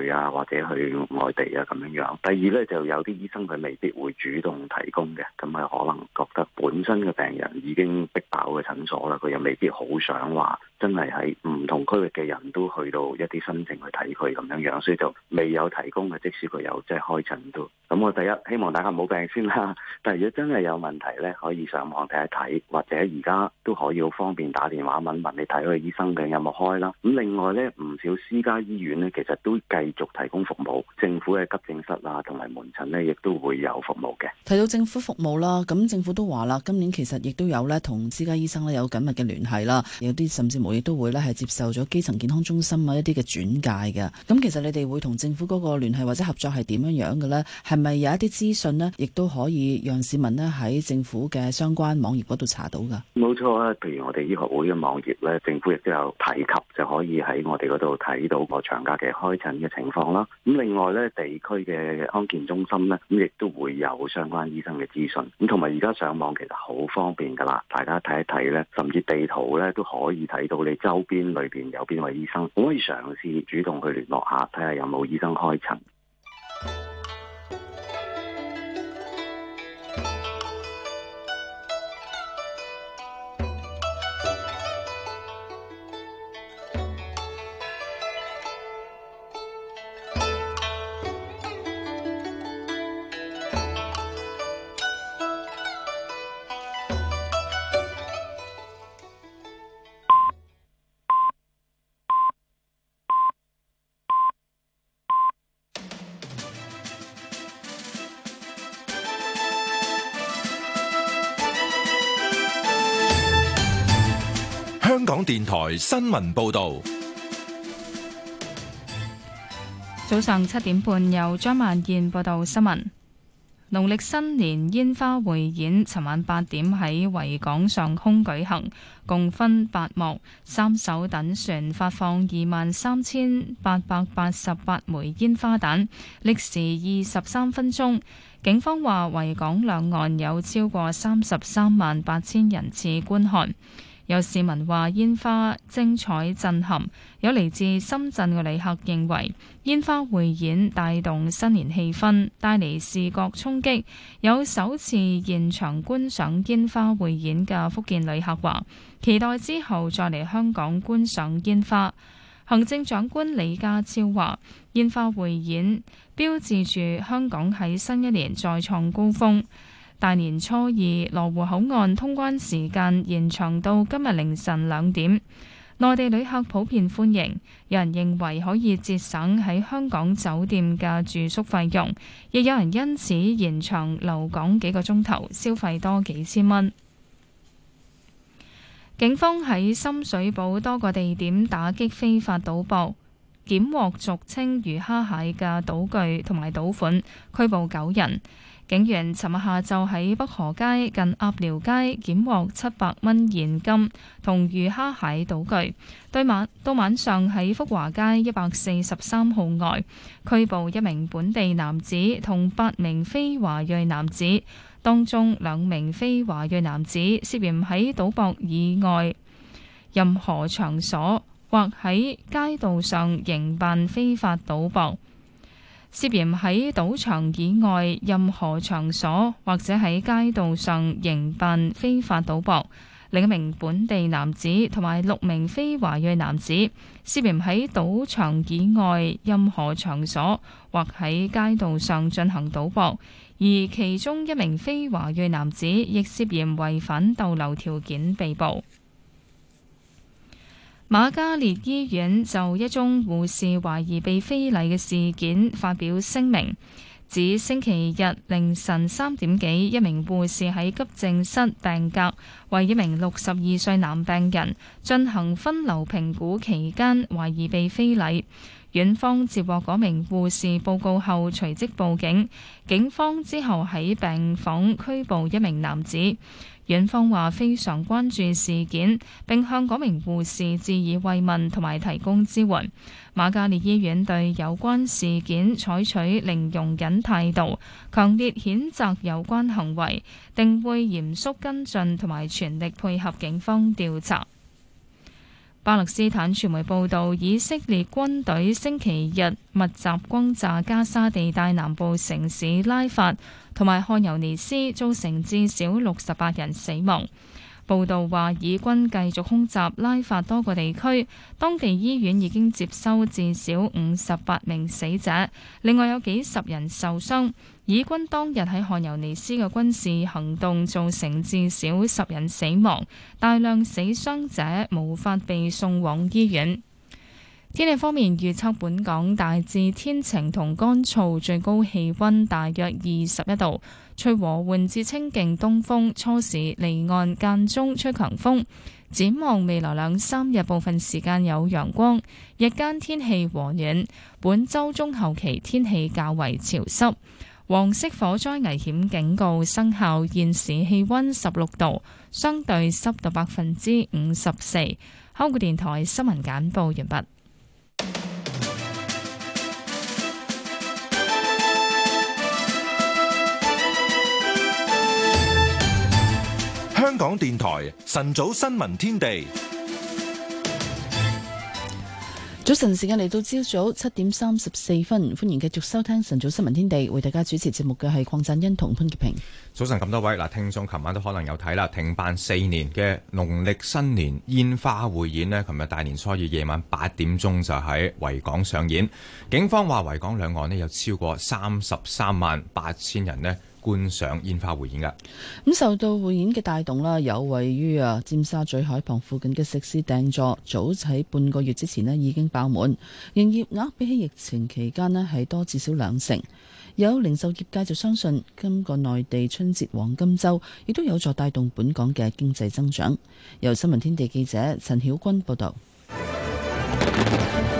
[SPEAKER 16] 聚啊，或者去外地啊咁樣樣。第二咧，就有啲醫生佢未必會主動提供嘅，咁係可能覺得本身嘅病人已經逼爆嘅診所啦，佢又未必好想話真係喺唔同區域嘅人都去到一啲申請去睇佢咁樣樣，所以就未有提供嘅，即使佢有即係開診都。咁我第一希望大家冇病先啦，但係如果真係有問題呢，可以上網睇一睇，或者而家都可以好方便打電話問問你睇個醫生嘅有冇開啦。咁另外呢，唔少私家醫院呢，其實都繼續提供服務，政府嘅急症室啊，同埋門診呢，亦都會有服務嘅。
[SPEAKER 3] 提到政府服務啦，咁政府都話啦，今年其實亦都有呢同私家醫生呢有緊密嘅聯繫啦，有啲甚至無亦都會呢係接受咗基層健康中心。新聞一啲嘅轉介嘅，咁其實你哋會同政府嗰個聯繫或者合作係點樣樣嘅咧？係咪有一啲資訊咧，亦都可以讓市民咧喺政府嘅相關網頁嗰度查到噶？
[SPEAKER 16] 冇錯啊，譬如我哋醫學會嘅網頁咧，政府亦都有提及，就可以喺我哋嗰度睇到個長假期開診嘅情況啦。咁另外咧，地區嘅康健中心咧，咁亦都會有相關醫生嘅資訊。咁同埋而家上網其實好方便噶啦，大家睇一睇咧，甚至地圖咧都可以睇到你周邊裏邊有邊位醫生。我可以嘗試主動去聯絡下，睇下有冇醫生開診。
[SPEAKER 1] 台新聞報導，
[SPEAKER 2] 早上七點半由張萬燕報道新聞。農曆新年煙花匯演，尋晚八點喺維港上空舉行，共分八幕，三艘等船發放二萬三千八百八十八枚煙花彈，歷時二十三分鐘。警方話，維港兩岸有超過三十三萬八千人次觀看。有市民話煙花精彩震撼，有嚟自深圳嘅旅客認為煙花匯演帶動新年氣氛，帶嚟視覺衝擊。有首次現場觀賞煙花匯演嘅福建旅客話，期待之後再嚟香港觀賞煙花。行政長官李家超話，煙花匯演標誌住香港喺新一年再創高峰。大年初二，羅湖口岸通關時間延長到今日凌晨兩點，內地旅客普遍歡迎，有人認為可以節省喺香港酒店嘅住宿費用，亦有人因此延長留港幾個鐘頭，消費多幾千蚊。警方喺深水埗多個地點打擊非法賭博，檢獲俗稱魚蝦蟹嘅賭具同埋賭款，拘捕九人。警員尋日下晝喺北河街近鴨寮街，檢獲七百蚊現金同魚蝦蟹賭具。對晚到晚上喺福華街一百四十三號外，拘捕一名本地男子同八名非華裔男子，當中兩名非華裔男子涉嫌喺賭博以外任何場所或喺街道上營辦非法賭博。涉嫌喺賭場以外任何場所或者喺街道上營辦非法賭博，另一名本地男子同埋六名非華裔男子涉嫌喺賭場以外任何場所或喺街道上進行賭博，而其中一名非華裔男子亦涉嫌違反逗留條件被捕。瑪嘉烈醫院就一宗護士懷疑被非禮嘅事件發表聲明，指星期日凌晨三點幾，一名護士喺急症室病格，為一名六十二歲男病人進行分流評估期間，懷疑被非禮。院方接獲嗰名護士報告後，隨即報警，警方之後喺病房拘捕一名男子。院方話非常關注事件，並向嗰名護士致以慰問同埋提供支援。馬加列醫院對有關事件採取零容忍態度，強烈譴責有關行為，定會嚴肅跟進同埋全力配合警方調查。巴勒斯坦傳媒報導，以色列軍隊星期日密集轟炸加沙地帶南部城市拉法。同埋漢尤尼斯造成至少六十八人死亡。報道話，以軍繼續空襲拉法多個地區，當地醫院已經接收至少五十八名死者，另外有幾十人受傷。以軍當日喺漢尤尼斯嘅軍事行動造成至少十人死亡，大量死傷者無法被送往醫院。天氣方面，預測本港大致天晴同乾燥，最高氣溫大約二十一度，吹和緩至清勁東風，初時離岸間中吹強風。展望未來兩三日，部分時間有陽光，日間天氣和暖。本週中後期天氣較為潮濕。黃色火災危險警告生效，現時氣溫十六度，相對濕度百分之五十四。香港電台新聞簡報完畢。
[SPEAKER 1] 香港電台晨早新聞天地。
[SPEAKER 3] 早晨時間嚟到朝早七點三十四分，歡迎繼續收聽晨早新聞天地，為大家主持節目嘅係鄺振欣同潘潔平。
[SPEAKER 4] 早晨咁多位，嗱，聽眾琴晚都可能有睇啦，停辦四年嘅農曆新年煙花匯演呢，琴日大年初二夜晚八點鐘就喺維港上演，警方話，維港兩岸呢有超過三十三萬八千人呢。觀賞煙花匯演噶，
[SPEAKER 3] 咁受到匯演嘅帶動啦，有位於啊尖沙咀海旁附近嘅食肆訂座，早喺半個月之前咧已經爆滿，營業額比起疫情期間咧係多至少兩成。有零售業界就相信，今個內地春節黃金週亦都有助帶動本港嘅經濟增長。由新聞天地記者陳曉君報道。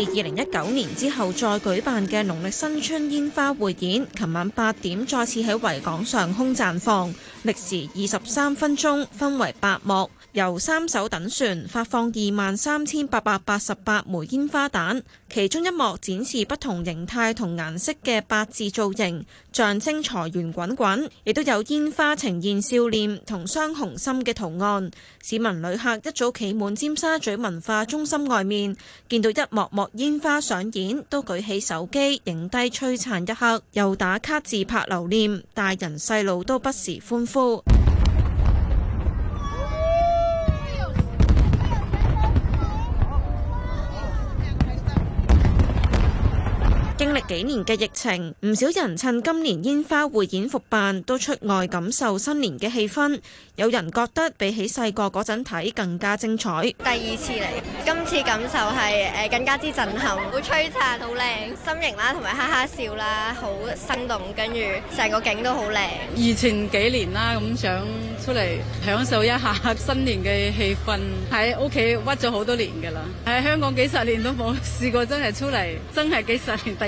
[SPEAKER 17] 二零一九年之後再舉辦嘅農曆新春煙花匯演，琴晚八點再次喺維港上空綻放，歷時二十三分鐘，分為八幕。由三艘躉船發放二萬三千八百八十八枚煙花彈，其中一幕展示不同形態同顏色嘅八字造型，象徵財源滾滾，亦都有煙花呈現笑臉同雙紅心嘅圖案。市民旅客一早企滿尖沙咀文化中心外面，見到一幕幕煙花上演，都舉起手機影低璀璨一刻，又打卡自拍留念，大人細路都不時歡呼。經歷幾年嘅疫情，唔少人趁今年煙花匯演復辦，都出外感受新年嘅氣氛。有人覺得比起細個嗰陣睇更加精彩。
[SPEAKER 9] 第二次嚟，今次感受係誒更加之震撼，好璀璨，好靚，心形啦，同埋哈哈笑啦，好生動，跟住成個景都好靚。以前幾年啦，咁想出嚟享受一下新年嘅氣氛，喺屋企屈咗好多年噶啦，喺香港幾十年都冇試過真，真係出嚟，真係幾十年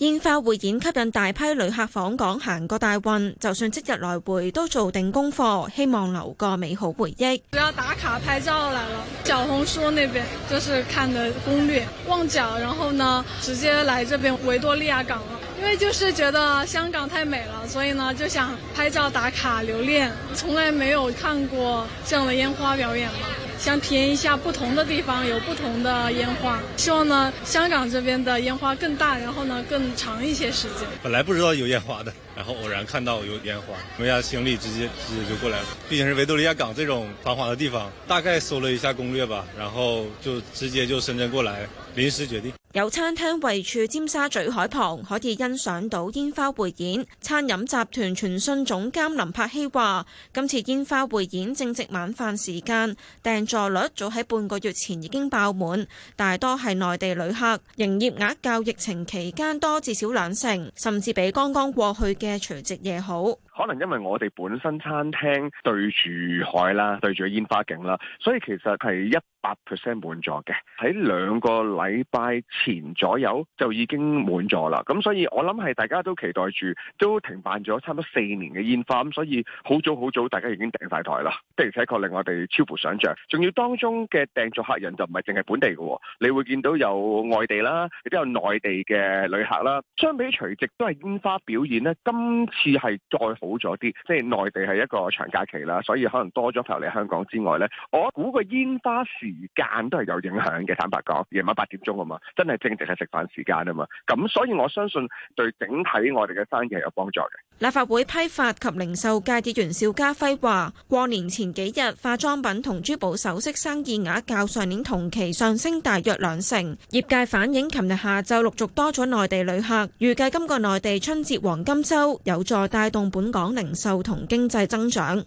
[SPEAKER 17] 煙花匯演吸引大批旅客訪港行過大運，就算即日來回都做定功課，希望留個美好回憶。
[SPEAKER 2] 要打卡拍
[SPEAKER 3] 照來了，小紅書那邊就是看的攻略。旺角，然後呢直接來這邊維多利亞港了，因為就是覺得香港太美了，所以呢就
[SPEAKER 9] 想拍照打卡留念。從來沒有看過這樣的煙花表演嘛。想體驗一下不同的地方有不同的煙花，希望呢香港這邊的煙花更大，然後呢更長一些時間。
[SPEAKER 5] 本來不知道有煙花的。然後偶然看到有煙花，沒下行李直接直接就過來了。畢竟是維多利亞港這種繁華的地方，大概搜了一下攻略吧，然後就直接就深圳過來，臨時決定。
[SPEAKER 17] 有餐廳位處尖沙咀海旁，可以欣賞到煙花匯演。餐飲集團傳訊總監林柏希話，今次煙花匯演正值晚飯時間，訂座率早喺半個月前已經爆滿，大多係內地旅客。營業額較疫情期間多至少兩成，甚至比剛剛剛過去嘅嘅除夕夜好。
[SPEAKER 16] 可能因為我哋本身餐廳對住海啦，對住煙花景啦，所
[SPEAKER 2] 以
[SPEAKER 4] 其實係一百 percent 滿座嘅。喺兩個禮拜前左右就已經滿座啦。咁所以我諗係大家都期待住，都停辦咗差唔多四年嘅煙花，咁所以好早好早大家已經訂晒台啦。的而且確令我哋超乎想像，仲要當中嘅訂座客人就唔係淨係本地嘅，你會見到有外地啦，亦都有內地嘅旅客啦。相比隨即都係煙花表演咧，今次係再好。好咗啲，即係內地係一個長假期啦，所以可能多咗朋友嚟香港之外咧，我估
[SPEAKER 16] 個煙花時間都係有影響嘅。坦白講，夜晚八點鐘啊嘛，真係正值係食飯時間啊嘛，咁所以我相信對整體我哋嘅生意係有幫助嘅。
[SPEAKER 17] 立法會批發及零售界別員邵家輝話，過年前幾日化妝品同珠寶首飾生意額較上年同期上升大約兩成，業界反映琴日下晝陸續多咗內地旅客，預計今個內地春節黃金周有助帶動本港講零售同經濟增長。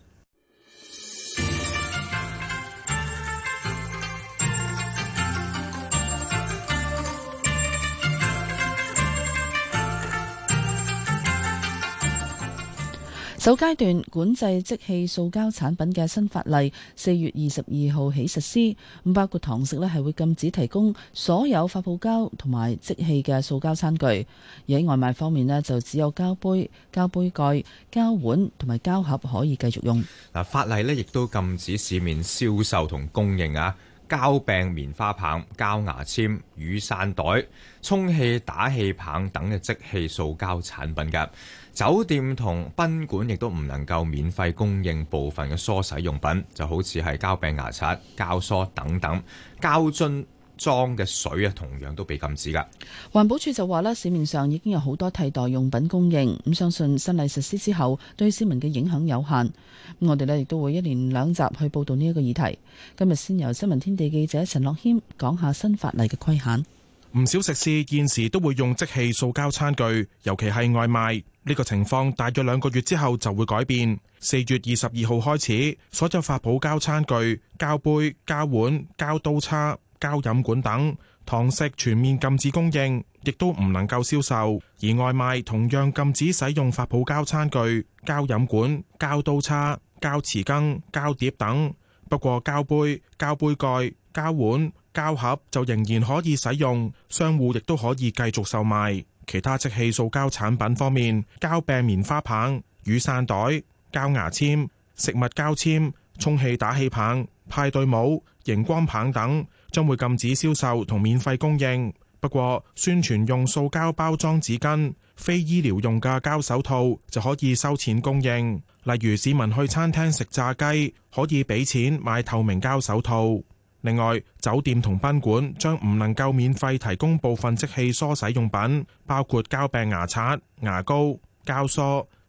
[SPEAKER 3] 首階段管制即棄塑膠產品嘅新法例，四月二十二號起實施。咁包括堂食咧，係會禁止提供所有發泡膠同埋即棄嘅塑膠餐具。而喺外賣方面咧，就只有膠杯、膠杯蓋、膠碗同埋膠盒可以繼續用。
[SPEAKER 4] 嗱，法例咧亦都禁止市面銷售同供應啊膠柄棉花棒、膠牙籤、雨傘袋、充氣打氣棒等嘅即棄塑膠產品㗎。酒店同賓館亦都唔能夠免費供應部分嘅梳洗用品，就好似係膠柄牙刷、膠梳等等，膠樽裝嘅水啊，同樣都被禁止噶。
[SPEAKER 3] 環保署就話咧，市面上已經有好多替代用品供應，咁相信新例實施之後，對市民嘅影響有限。我哋咧亦都會一連兩集去報導呢一個議題。今日先由新聞天地記者陳樂軒講下新法例嘅規限。
[SPEAKER 18] 唔少食肆現時都會用即棄塑膠餐具，尤其係外賣。呢個情況大約兩個月之後就會改變。四月二十二號開始，所有發泡膠餐具、膠杯、膠碗、膠刀叉、膠飲管等堂食全面禁止供應，亦都唔能夠銷售。而外賣同樣禁止使用發泡膠餐具、膠飲管、膠刀叉、膠匙羹、膠碟等。不過膠杯、膠杯蓋、膠碗、膠碗膠碗膠盒就仍然可以使用，商戶亦都可以繼續售賣。其他即棄塑膠產品方面，膠柄棉花棒、雨傘袋、膠牙籤、食物膠籤、充氣打氣棒、派對帽、熒光棒等，將會禁止銷售同免費供應。不過，宣傳用塑膠包裝紙巾、非醫療用嘅膠手套就可以收錢供應。例如，市民去餐廳食炸雞，可以俾錢買透明膠手套。另外，酒店同賓館將唔能夠免費提供部分即棄梳洗用品，包括膠柄牙刷、牙膏、膠梳、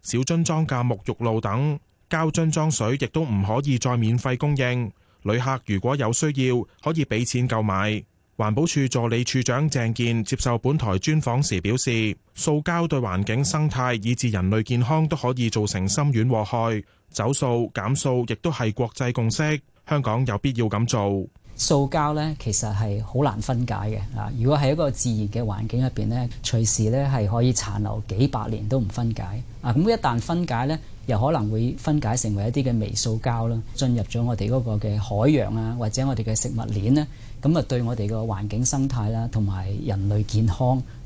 [SPEAKER 18] 小樽裝嘅沐浴露等。膠樽裝水，亦都唔可以再免費供應。旅客如果有需要，可以俾錢購買。環保署助理處長鄭健接受本台專訪時表示，塑膠對環境、生態以至人類健康都可以造成深遠禍害，走塑減塑亦都係國際共識，香港有必要咁做。
[SPEAKER 19] 塑膠咧其實係好難分解嘅，啊！如果喺一個自然嘅環境入邊咧，隨時咧係可以殘留幾百年都唔分解，啊！咁一旦分解咧，又可能會分解成為一啲嘅微塑膠啦，進入咗我哋嗰個嘅海洋啊，或者我哋嘅食物鏈咧，咁啊對我哋嘅環境生態啦，同埋人類健康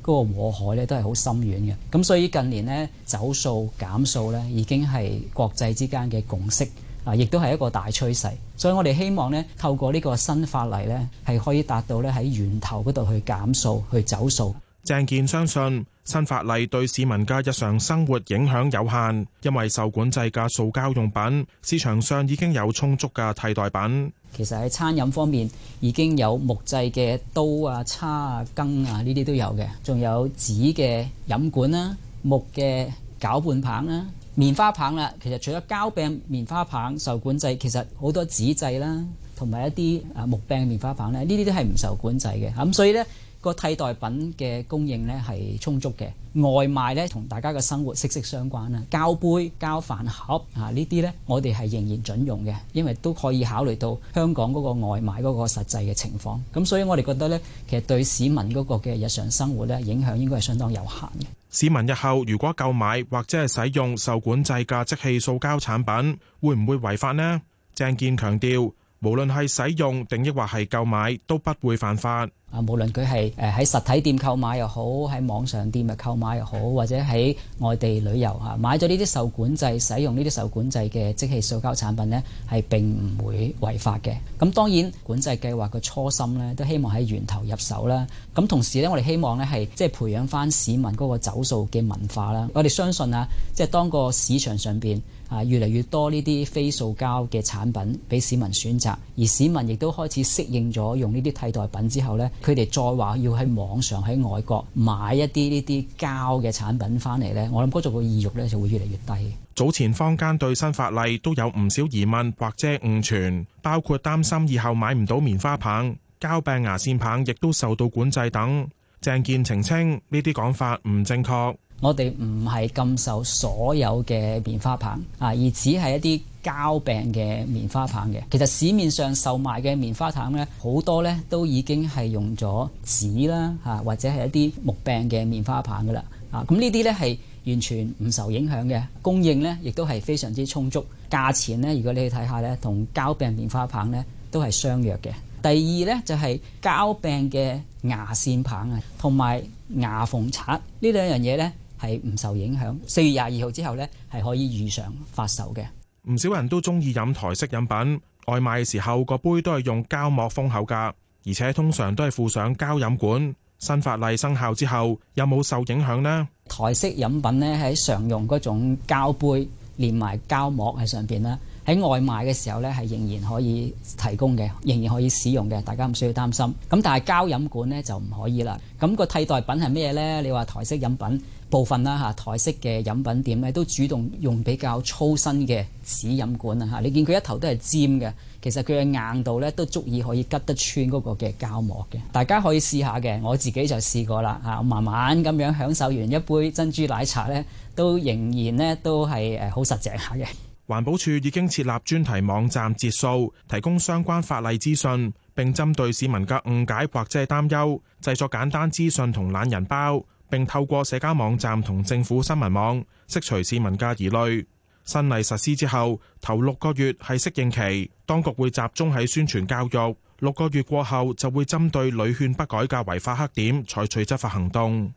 [SPEAKER 19] 嗰個禍害咧，都係好深遠嘅。咁所以近年咧，走塑減塑咧，已經係國際之間嘅共識。亦都係一個大趨勢，所以我哋希望呢透過呢個新法例呢，係可以達到咧喺源頭嗰度去減塑、去走塑。
[SPEAKER 18] 鄭健相信新法例對市民嘅日常生活影響有限，因為受管制嘅塑膠用品市場上已經有充足嘅替代品。其實喺
[SPEAKER 19] 餐飲方面已經有木製嘅刀啊、叉啊、羹啊呢啲都有嘅，仲有紙嘅飲管啦、木嘅攪拌棒啦。棉花棒啦，其實除咗膠柄棉花棒受管制，其實好多紙製啦，同埋一啲啊木柄棉花棒咧，呢啲都係唔受管制嘅。咁所以咧，個替代品嘅供應咧係充足嘅。外賣咧同大家嘅生活息息相關啊，膠杯、膠飯盒啊，呢啲咧我哋係仍然準用嘅，因為都可以考慮到香港嗰個外賣嗰個實際嘅情況。咁所以我哋覺得咧，其實對市民嗰個嘅日常生活咧影響應該係相當有限嘅。
[SPEAKER 18] 市民日後如果購買或者係使用受管制嘅即棄塑膠產品，會唔會違法呢？鄭建強調。無論係使用定抑或係購買都不會犯法。啊，無論佢係誒喺實體店購買又
[SPEAKER 19] 好，喺網上店啊購買又好，或者喺外地旅遊吓買咗呢啲受管制，使用呢啲受管制嘅即棄塑膠產品呢係並唔會違法嘅。咁當然，管制計劃嘅初心咧，都希望喺源頭入手啦。咁同時呢，我哋希望咧，係即係培養翻市民嗰個走塑嘅文化啦。我哋相信啊，即係當個市場上邊。啊！越嚟越多呢啲非塑膠嘅產品俾市民選擇，而市民亦都開始適應咗用呢啲替代品之後呢，佢哋再話要喺網上喺外國買一啲呢啲膠嘅產品翻嚟呢，我諗嗰個意欲呢就會越嚟越低。
[SPEAKER 18] 早前坊間對新法例都有唔少疑問或者誤傳，包括擔心以後買唔到棉花棒、膠柄牙線棒，亦都受到管制等澄清。鄭建晴稱呢啲講法唔正確。
[SPEAKER 19] 我哋唔係
[SPEAKER 18] 禁售所有嘅
[SPEAKER 19] 棉花棒啊，而只係一啲膠柄嘅棉花棒嘅。其實市面上售賣嘅棉花棒呢，好多呢都已經係用咗紙啦，嚇或者係一啲木柄嘅棉花棒噶啦。啊，咁、啊、呢啲呢係完全唔受影響嘅，供應呢亦都係非常之充足，價錢呢，如果你去睇下呢，同膠柄棉花棒呢都係相若嘅。第二呢，就係、是、膠柄嘅牙線棒啊，同埋牙縫刷呢兩樣嘢呢，係唔受影響。四月廿二號之後咧，係可以如
[SPEAKER 18] 常發售嘅。唔少人都中意飲台式飲品，外賣嘅時候個杯都係用膠膜封口㗎，而且通常都係附上膠飲管。新法例生效之後，有冇受影響咧？台式飲品咧係常用嗰種膠杯，
[SPEAKER 19] 連埋膠膜喺上邊啦。喺外賣嘅時候咧，係仍然可以提供嘅，仍然可以使用嘅，大家唔需要擔心。咁但係膠飲管咧就唔可以啦。咁、那個替代品係咩咧？你話台式飲品部分啦嚇、啊，台式嘅飲品店咧都主動用比較粗身嘅紙飲管啊嚇。你見佢一頭都係尖嘅，其實佢嘅硬度咧都足以可以吉得穿嗰個嘅膠膜嘅。大家可以試下嘅，我自己就試過啦嚇，啊、慢慢咁樣享受完一杯珍珠奶茶咧，都仍然咧都係誒好
[SPEAKER 18] 實淨下嘅。環保署已經設立專題網站截數，提供相關法例資訊，並針對市民嘅誤解或者擔憂，製作簡單資訊同懶人包，並透過社交網站同政府新聞網釋除市民嘅疑慮。新例實施之後，頭六個月係適應期，當局會集中喺宣傳教育。六個月過後，就會針對屢勸不改嘅違法黑點，採取執法行動。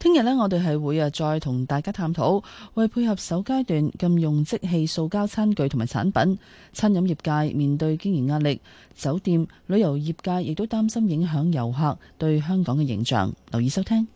[SPEAKER 3] 聽日咧，我哋係會啊，再同大家探討，為配合首階段禁用即棄塑膠餐具同埋產品，餐飲業界面對經營壓力，酒店旅遊業界亦都擔心影響遊客對香港嘅形象。留意收聽。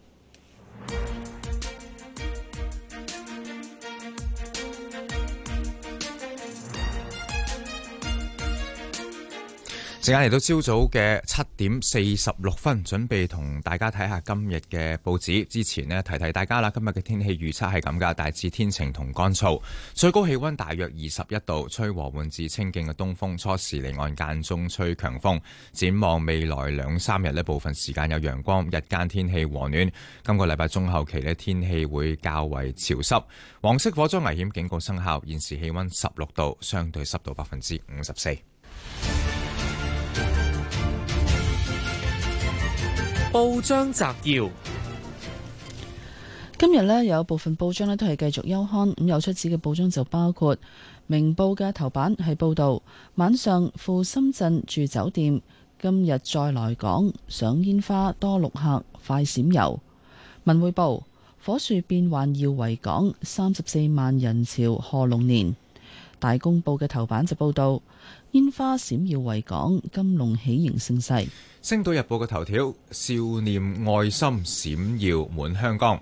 [SPEAKER 4] 時間嚟到朝早嘅七點四十六分，準備同大家睇下今日嘅報紙。之前呢，提提大家啦，今日嘅天氣預測係咁噶，大致天晴同乾燥，最高氣溫大約二十一度，吹和緩至清勁嘅東風，初時離岸間中吹強風。展望未來兩三日呢，部分時間有陽光，日間天氣和暖。今個禮拜中後期呢，天氣會較為潮濕。黃色火災危險警告生效，現時氣溫十六度，相對濕度百分之五十四。
[SPEAKER 3] 報章摘要：今日呢，有部分報章咧都係繼續休刊，咁有出紙嘅報章就包括《明報》嘅頭版係報道晚上赴深圳住酒店，今日再來港賞煙花多陸客快閃遊。《文匯報》火樹變幻耀維港，三十四萬人潮賀龍年。《大公報》嘅頭版就報道。煙花閃耀維港，金龍喜迎盛世。
[SPEAKER 4] 星島日報嘅頭條：少年愛心閃耀滿香港。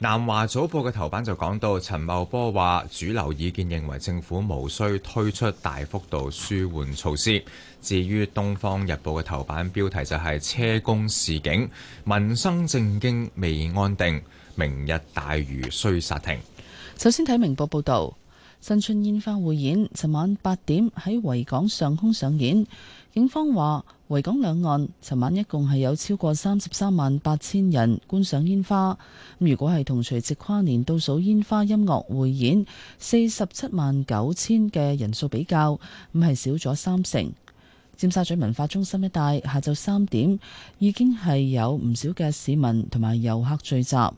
[SPEAKER 4] 南華早報嘅頭版就講到，陳茂波話主流意見認為政府無需推出大幅度紓緩措施。至於東方日報嘅頭版標題就係、是、車公示警，民生政經未安定，明日大嶼需煞停。
[SPEAKER 3] 首先睇明報報道。新春煙花匯演，尋晚八點喺維港上空上演。警方話，維港兩岸，尋晚一共係有超過三十三萬八千人觀賞煙花。如果係同除夕跨年倒數煙花音樂匯演四十七萬九千嘅人數比較，咁係少咗三成。尖沙咀文化中心一帶，下晝三點已經係有唔少嘅市民同埋遊客聚集，咁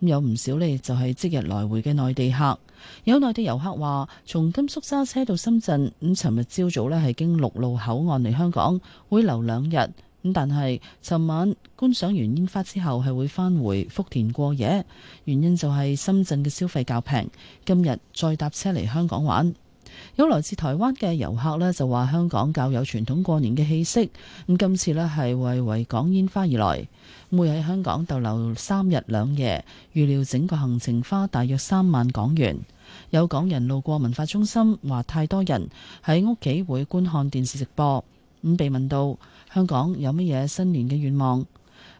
[SPEAKER 3] 有唔少咧就係即日來回嘅內地客。有內地遊客話：從甘肅揸車到深圳，咁尋日朝早咧係經陸路口岸嚟香港，會留兩日。咁但係尋晚觀賞完煙花之後，係會返回福田過夜。原因就係深圳嘅消費較平，今日再搭車嚟香港玩。有來自台灣嘅遊客呢，就話香港較有傳統過年嘅氣息，咁今次呢，係為維港煙花而來，會喺香港逗留三日兩夜，預料整個行程花大約三萬港元。有港人路過文化中心話太多人喺屋企會觀看電視直播，咁被問到香港有乜嘢新年嘅願望，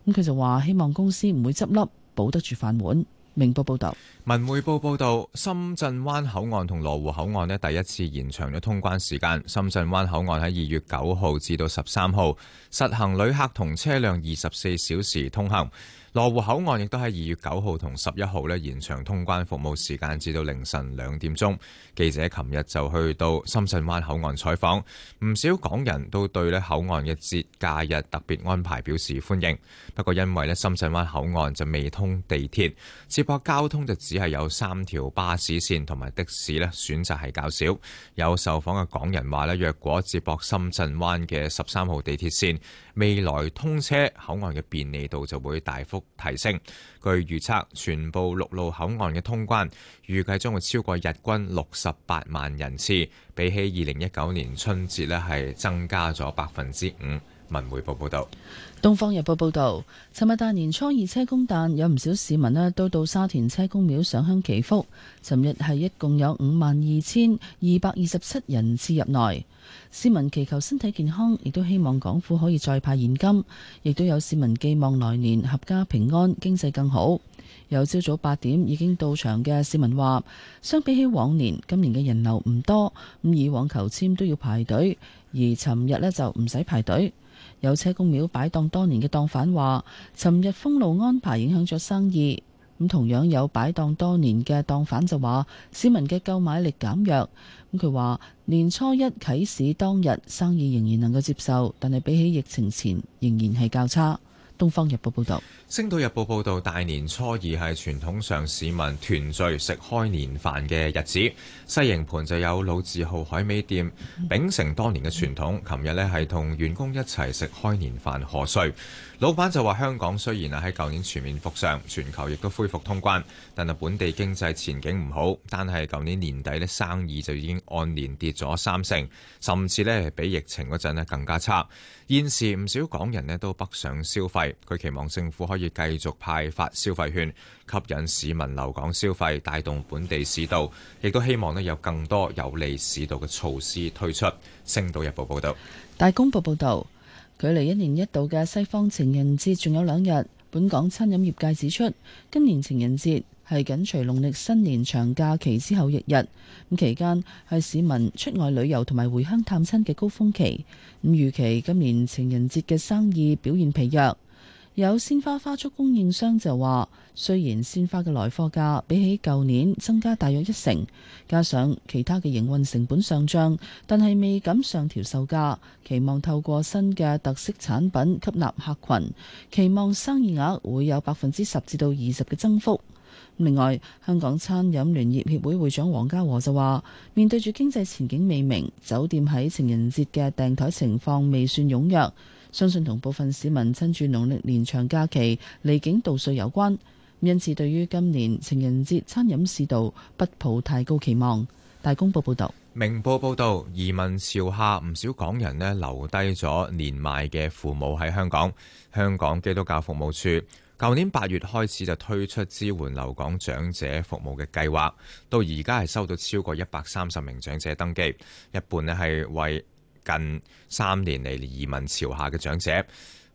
[SPEAKER 3] 咁佢就話希望公司唔會執笠，保得住飯碗。明報報道，
[SPEAKER 4] 文匯報報道，深圳灣口岸同羅湖口岸呢，第一次延長咗通關時間。深圳灣口岸喺二月九號至到十三號，實行旅客同車輛二十四小時通行。羅湖口岸亦都喺二月九號同十一號呢延長通關服務時間至到凌晨兩點鐘。記者琴日就去到深圳灣口岸採訪，唔少港人都對呢口岸嘅節假日特別安排表示歡迎。不過因為呢，深圳灣口岸就未通地鐵，接駁交通就只係有三條巴士綫同埋的士呢選擇，係較少。有受訪嘅港人話呢，若果接駁深圳灣嘅十三號地鐵綫，未來通車口岸嘅便利度就會大幅提升。據預測，全部陸路口岸嘅通關預計將會超過日均六十八萬人次，比起二零一九年春節咧係增加咗百分之五。文匯報報道，
[SPEAKER 3] 東方日報報道，尋日大年初二車公誕，有唔少市民呢都到沙田車公廟上香祈福。尋日係一共有五萬二千二百二十七人次入內，市民祈求身體健康，亦都希望港府可以再派現金，亦都有市民寄望來年合家平安，經濟更好。有朝早八點已經到場嘅市民話，相比起往年，今年嘅人流唔多，咁以往求簽都要排隊，而尋日呢就唔使排隊。有車公廟擺檔多年嘅檔販話，尋日封路安排影響咗生意。咁同樣有擺檔多年嘅檔販就話，市民嘅購買力減弱。咁佢話年初一啟市當日生意仍然能夠接受，但係比起疫情前仍然係較差。東方日報報道，
[SPEAKER 4] 星島日報報道，大年初二係傳統上市民團聚食開年飯嘅日子。西營盤就有老字號海味店，秉承多年嘅傳統，琴日呢係同員工一齊食開年飯賀歲。老闆就話：香港雖然啊喺舊年全面復常，全球亦都恢復通關，但係本地經濟前景唔好。但係舊年年底呢，生意就已經按年跌咗三成，甚至呢比疫情嗰陣呢更加差。現時唔少港人呢都北上消費，佢期望政府可以繼續派發消費券，吸引市民留港消費，帶動本地市道。亦都希望呢有更多有利市道嘅措施推出。星島日報報道，
[SPEAKER 3] 大公報報道。距離一年一度嘅西方情人節仲有兩日，本港餐飲業界指出，今年情人節係緊隨農曆新年長假期之後翌日，咁期間係市民出外旅遊同埋回鄉探親嘅高峰期，咁預期今年情人節嘅生意表現疲弱。有鮮花花束供應商就話：雖然鮮花嘅來貨價比起舊年增加大約一成，加上其他嘅營運成本上漲，但係未敢上調售價，期望透過新嘅特色產品吸納客群，期望生意額會有百分之十至到二十嘅增幅。另外，香港餐飲聯業協會會長黃家和就話：面對住經濟前景未明，酒店喺情人節嘅訂台情況未算踴躍。相信同部分市民趁住農曆年長假期離境度歲有關，因此對於今年情人節餐飲市道不抱太高期望。大公報報道，
[SPEAKER 4] 明報報道，移民潮下唔少港人呢留低咗年邁嘅父母喺香港。香港基督教服務處舊年八月開始就推出支援留港長者服務嘅計劃，到而家係收到超過一百三十名長者登記，一半呢係為。近三年嚟移民潮下嘅長者，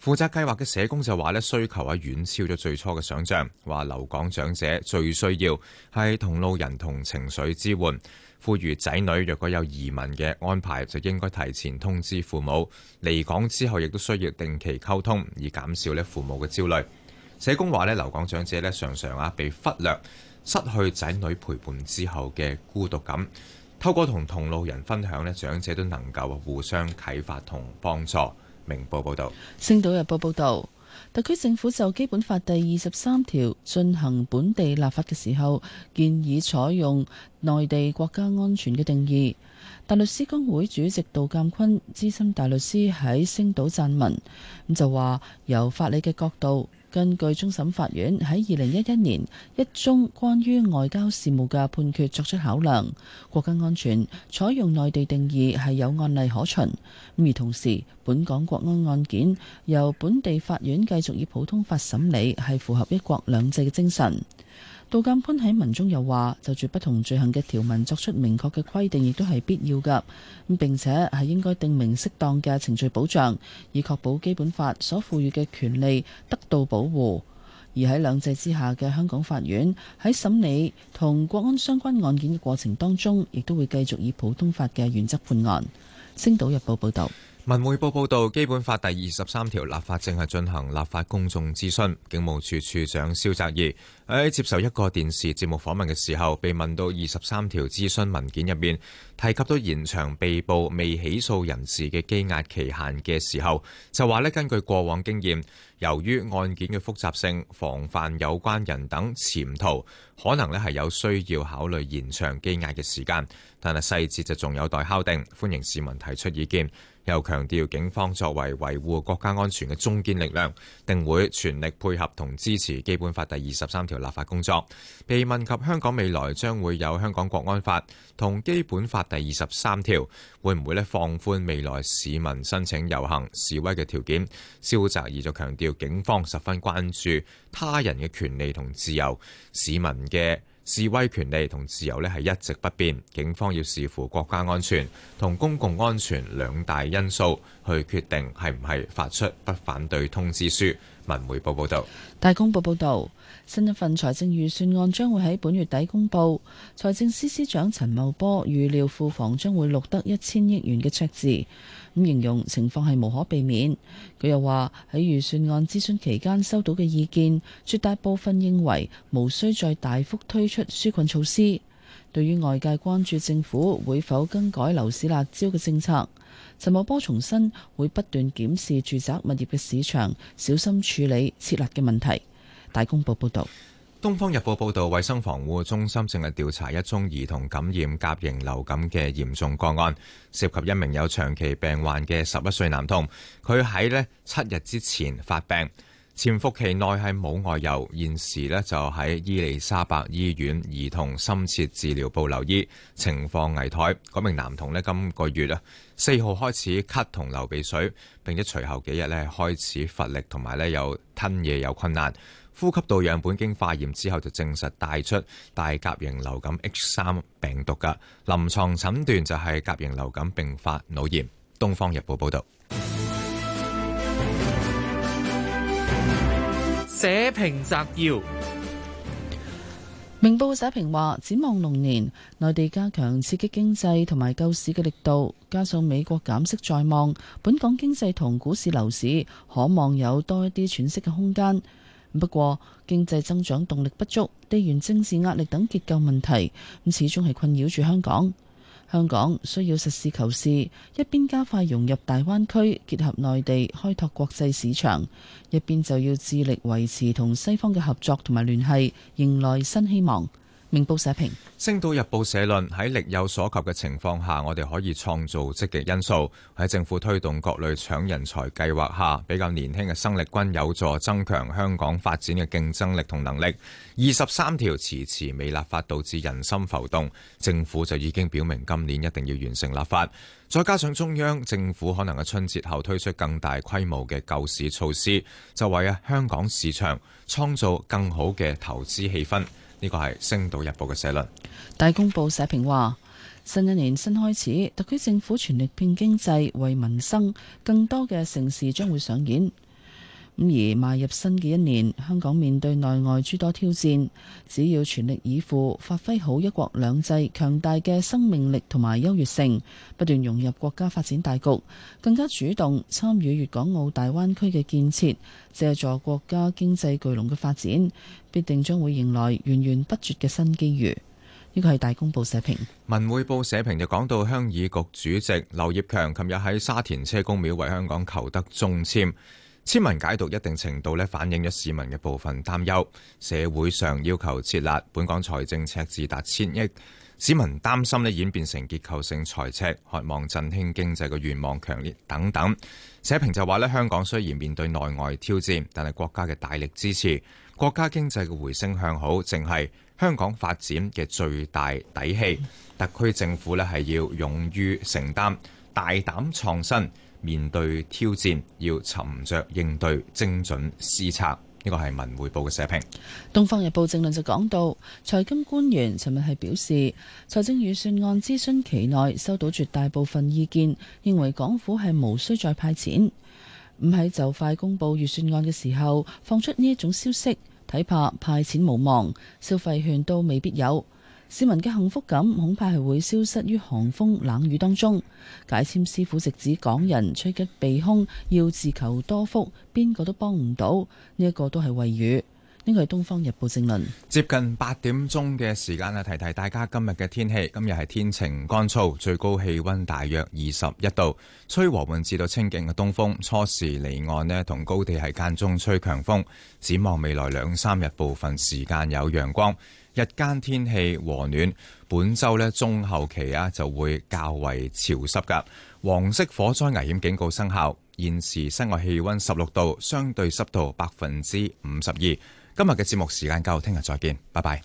[SPEAKER 4] 負責計劃嘅社工就話咧需求啊遠超咗最初嘅想像，話留港長者最需要係同路人同情緒支援，呼籲仔女若果有移民嘅安排，就應該提前通知父母離港之後，亦都需要定期溝通，以減少咧父母嘅焦慮。社工話咧留港長者咧常常啊被忽略，失去仔女陪伴之後嘅孤獨感。透過同同路人分享咧，長者都能夠互相啟發同幫助。明報報道：
[SPEAKER 3] 《星島日報》報道，特區政府就《基本法》第二十三條進行本地立法嘅時候，建議採用內地國家安全嘅定義。大律師公會主席杜鑑坤資深大律師喺星島撰文咁就話，由法理嘅角度。根據終審法院喺二零一一年一宗關於外交事務嘅判決作出考量，國家安全採用內地定義係有案例可循。而同時，本港國安案件由本地法院繼續以普通法審理係符合一國兩制嘅精神。杜鑒潘喺文中又話就住不同罪行嘅條文作出明確嘅規定，亦都係必要㗎。咁並且係應該定明適當嘅程序保障，以確保基本法所賦予嘅權利得到保護。而喺兩制之下嘅香港法院喺審理同國安相關案件嘅過程當中，亦都會繼續以普通法嘅原則判案。星島日報報道。
[SPEAKER 4] 文匯報報道，《基本法》第二十三條立法正係進行立法公眾諮詢。警務處處長蕭澤義喺接受一個電視節目訪問嘅時候，被問到二十三條諮詢文件入面提及到延長被捕未起訴人士嘅羈押期限嘅時候，就話咧，根據過往經驗，由於案件嘅複雜性，防範有關人等潛逃，可能咧係有需要考慮延長羈押嘅時間，但係細節就仲有待敲定。歡迎市民提出意見。又強調，警方作為維護國家安全嘅中堅力量，定會全力配合同支持《基本法》第二十三條立法工作。被問及香港未來將會有香港國安法同《基本法》第二十三條，會唔會呢放寬未來市民申請遊行示威嘅條件？蕭澤頤就強調，警方十分關注他人嘅權利同自由，市民嘅。示威權利同自由呢係一直不變，警方要視乎國家安全同公共安全兩大因素去決定係唔係發出不反對通知書。文匯報報道，
[SPEAKER 3] 大公報報道，新一份財政預算案將會喺本月底公布，財政司司長陳茂波預料庫房將會錄得一千億元嘅赤字。咁形容情況係無可避免。佢又話喺預算案諮詢期間收到嘅意見，絕大部分認為無需再大幅推出紓困措施。對於外界關注政府會否更改樓市辣招嘅政策，陳茂波重申會不斷檢視住宅物業嘅市場，小心處理撤辣嘅問題。大公報報道。
[SPEAKER 4] 《東方日報》報道，衛生防護中心正係調查一宗兒童感染甲型流感嘅嚴重個案，涉及一名有長期病患嘅十一歲男童。佢喺呢七日之前發病，潛伏期內係冇外遊，現時呢，就喺伊利沙伯醫院兒童深切治療部留醫，情況危殆。嗰名男童呢，今個月啊四號開始咳同流鼻水，並且隨後幾日呢，開始乏力，同埋呢有吞嘢有困難。呼吸道樣本經化驗之後，就證實帶出大甲型流感 H3 病毒。㗎臨床診斷就係甲型流感併發腦炎。東方日報報道。
[SPEAKER 3] 社評摘要：明報社評話，展望龍年，內地加強刺激經濟同埋救市嘅力度，加上美國減息在望，本港經濟同股市樓市可望有多一啲喘息嘅空間。不過，經濟增長動力不足、地緣政治壓力等結構問題，咁始終係困擾住香港。香港需要實事求是，一邊加快融入大灣區，結合內地開拓國際市場，一邊就要致力維持同西方嘅合作同埋聯繫，迎來新希望。明報社評，
[SPEAKER 4] 《星島日報》社論：喺力有所及嘅情況下，我哋可以創造積極因素。喺政府推動各類搶人才計劃下，比較年輕嘅生力軍有助增強香港發展嘅競爭力同能力。二十三條遲遲未立法，導致人心浮動。政府就已經表明今年一定要完成立法。再加上中央政府可能喺春節後推出更大規模嘅救市措施，就為咗香港市場創造更好嘅投資氣氛。呢個係《星島日報》嘅社論。
[SPEAKER 3] 大公報社評話：新一年新開始，特區政府全力拼經濟為民生，更多嘅盛事將會上演。咁而邁入新嘅一年，香港面對內外諸多挑戰，只要全力以赴，發揮好一國兩制強大嘅生命力同埋優越性，不斷融入國家發展大局，更加主動參與粵港澳大灣區嘅建設，借助國家經濟巨龍嘅發展，必定將會迎來源源不絕嘅新機遇。呢個係大公報社評，
[SPEAKER 4] 文匯報社評就講到，鄉議局主席劉業強琴日喺沙田車公廟為香港求得中籤。市民解讀一定程度咧，反映咗市民嘅部分擔憂。社會上要求設立本港財政赤字達千億，市民擔心咧演變成結構性財赤，渴望振興經濟嘅願望強烈等等。社評就話咧，香港雖然面對內外挑戰，但係國家嘅大力支持，國家經濟嘅回升向好，正係香港發展嘅最大底氣。特區政府咧係要勇於承擔，大膽創新。面對挑戰，要沉着應對，精準施策，呢個係文匯報嘅社評。
[SPEAKER 3] 東方日報正論就講到，財金官員尋日係表示，財政預算案諮詢期內收到絕大部分意見，認為港府係無需再派錢。唔喺就快公布預算案嘅時候，放出呢一種消息，睇怕派錢無望，消費券都未必有。市民嘅幸福感恐怕係會消失於寒風冷雨當中。解簽師傅直指港人趨吉避凶，要自求多福，邊個都幫唔到。呢一個都係餵語。呢個係東方日報正論。
[SPEAKER 4] 接近八點鐘嘅時間啊，提提大家今日嘅天氣。今日係天晴乾燥，最高氣溫大約二十一度，吹和緩至到清勁嘅東風。初時離岸呢同高地係間中吹強風。展望未來兩三日，部分時間有陽光。日間天氣和暖，本周咧中後期啊就會較為潮濕噶。黃色火災危險警告生效。現時室外氣溫十六度，相對濕度百分之五十二。今日嘅節目時間夠，聽日再見，拜拜。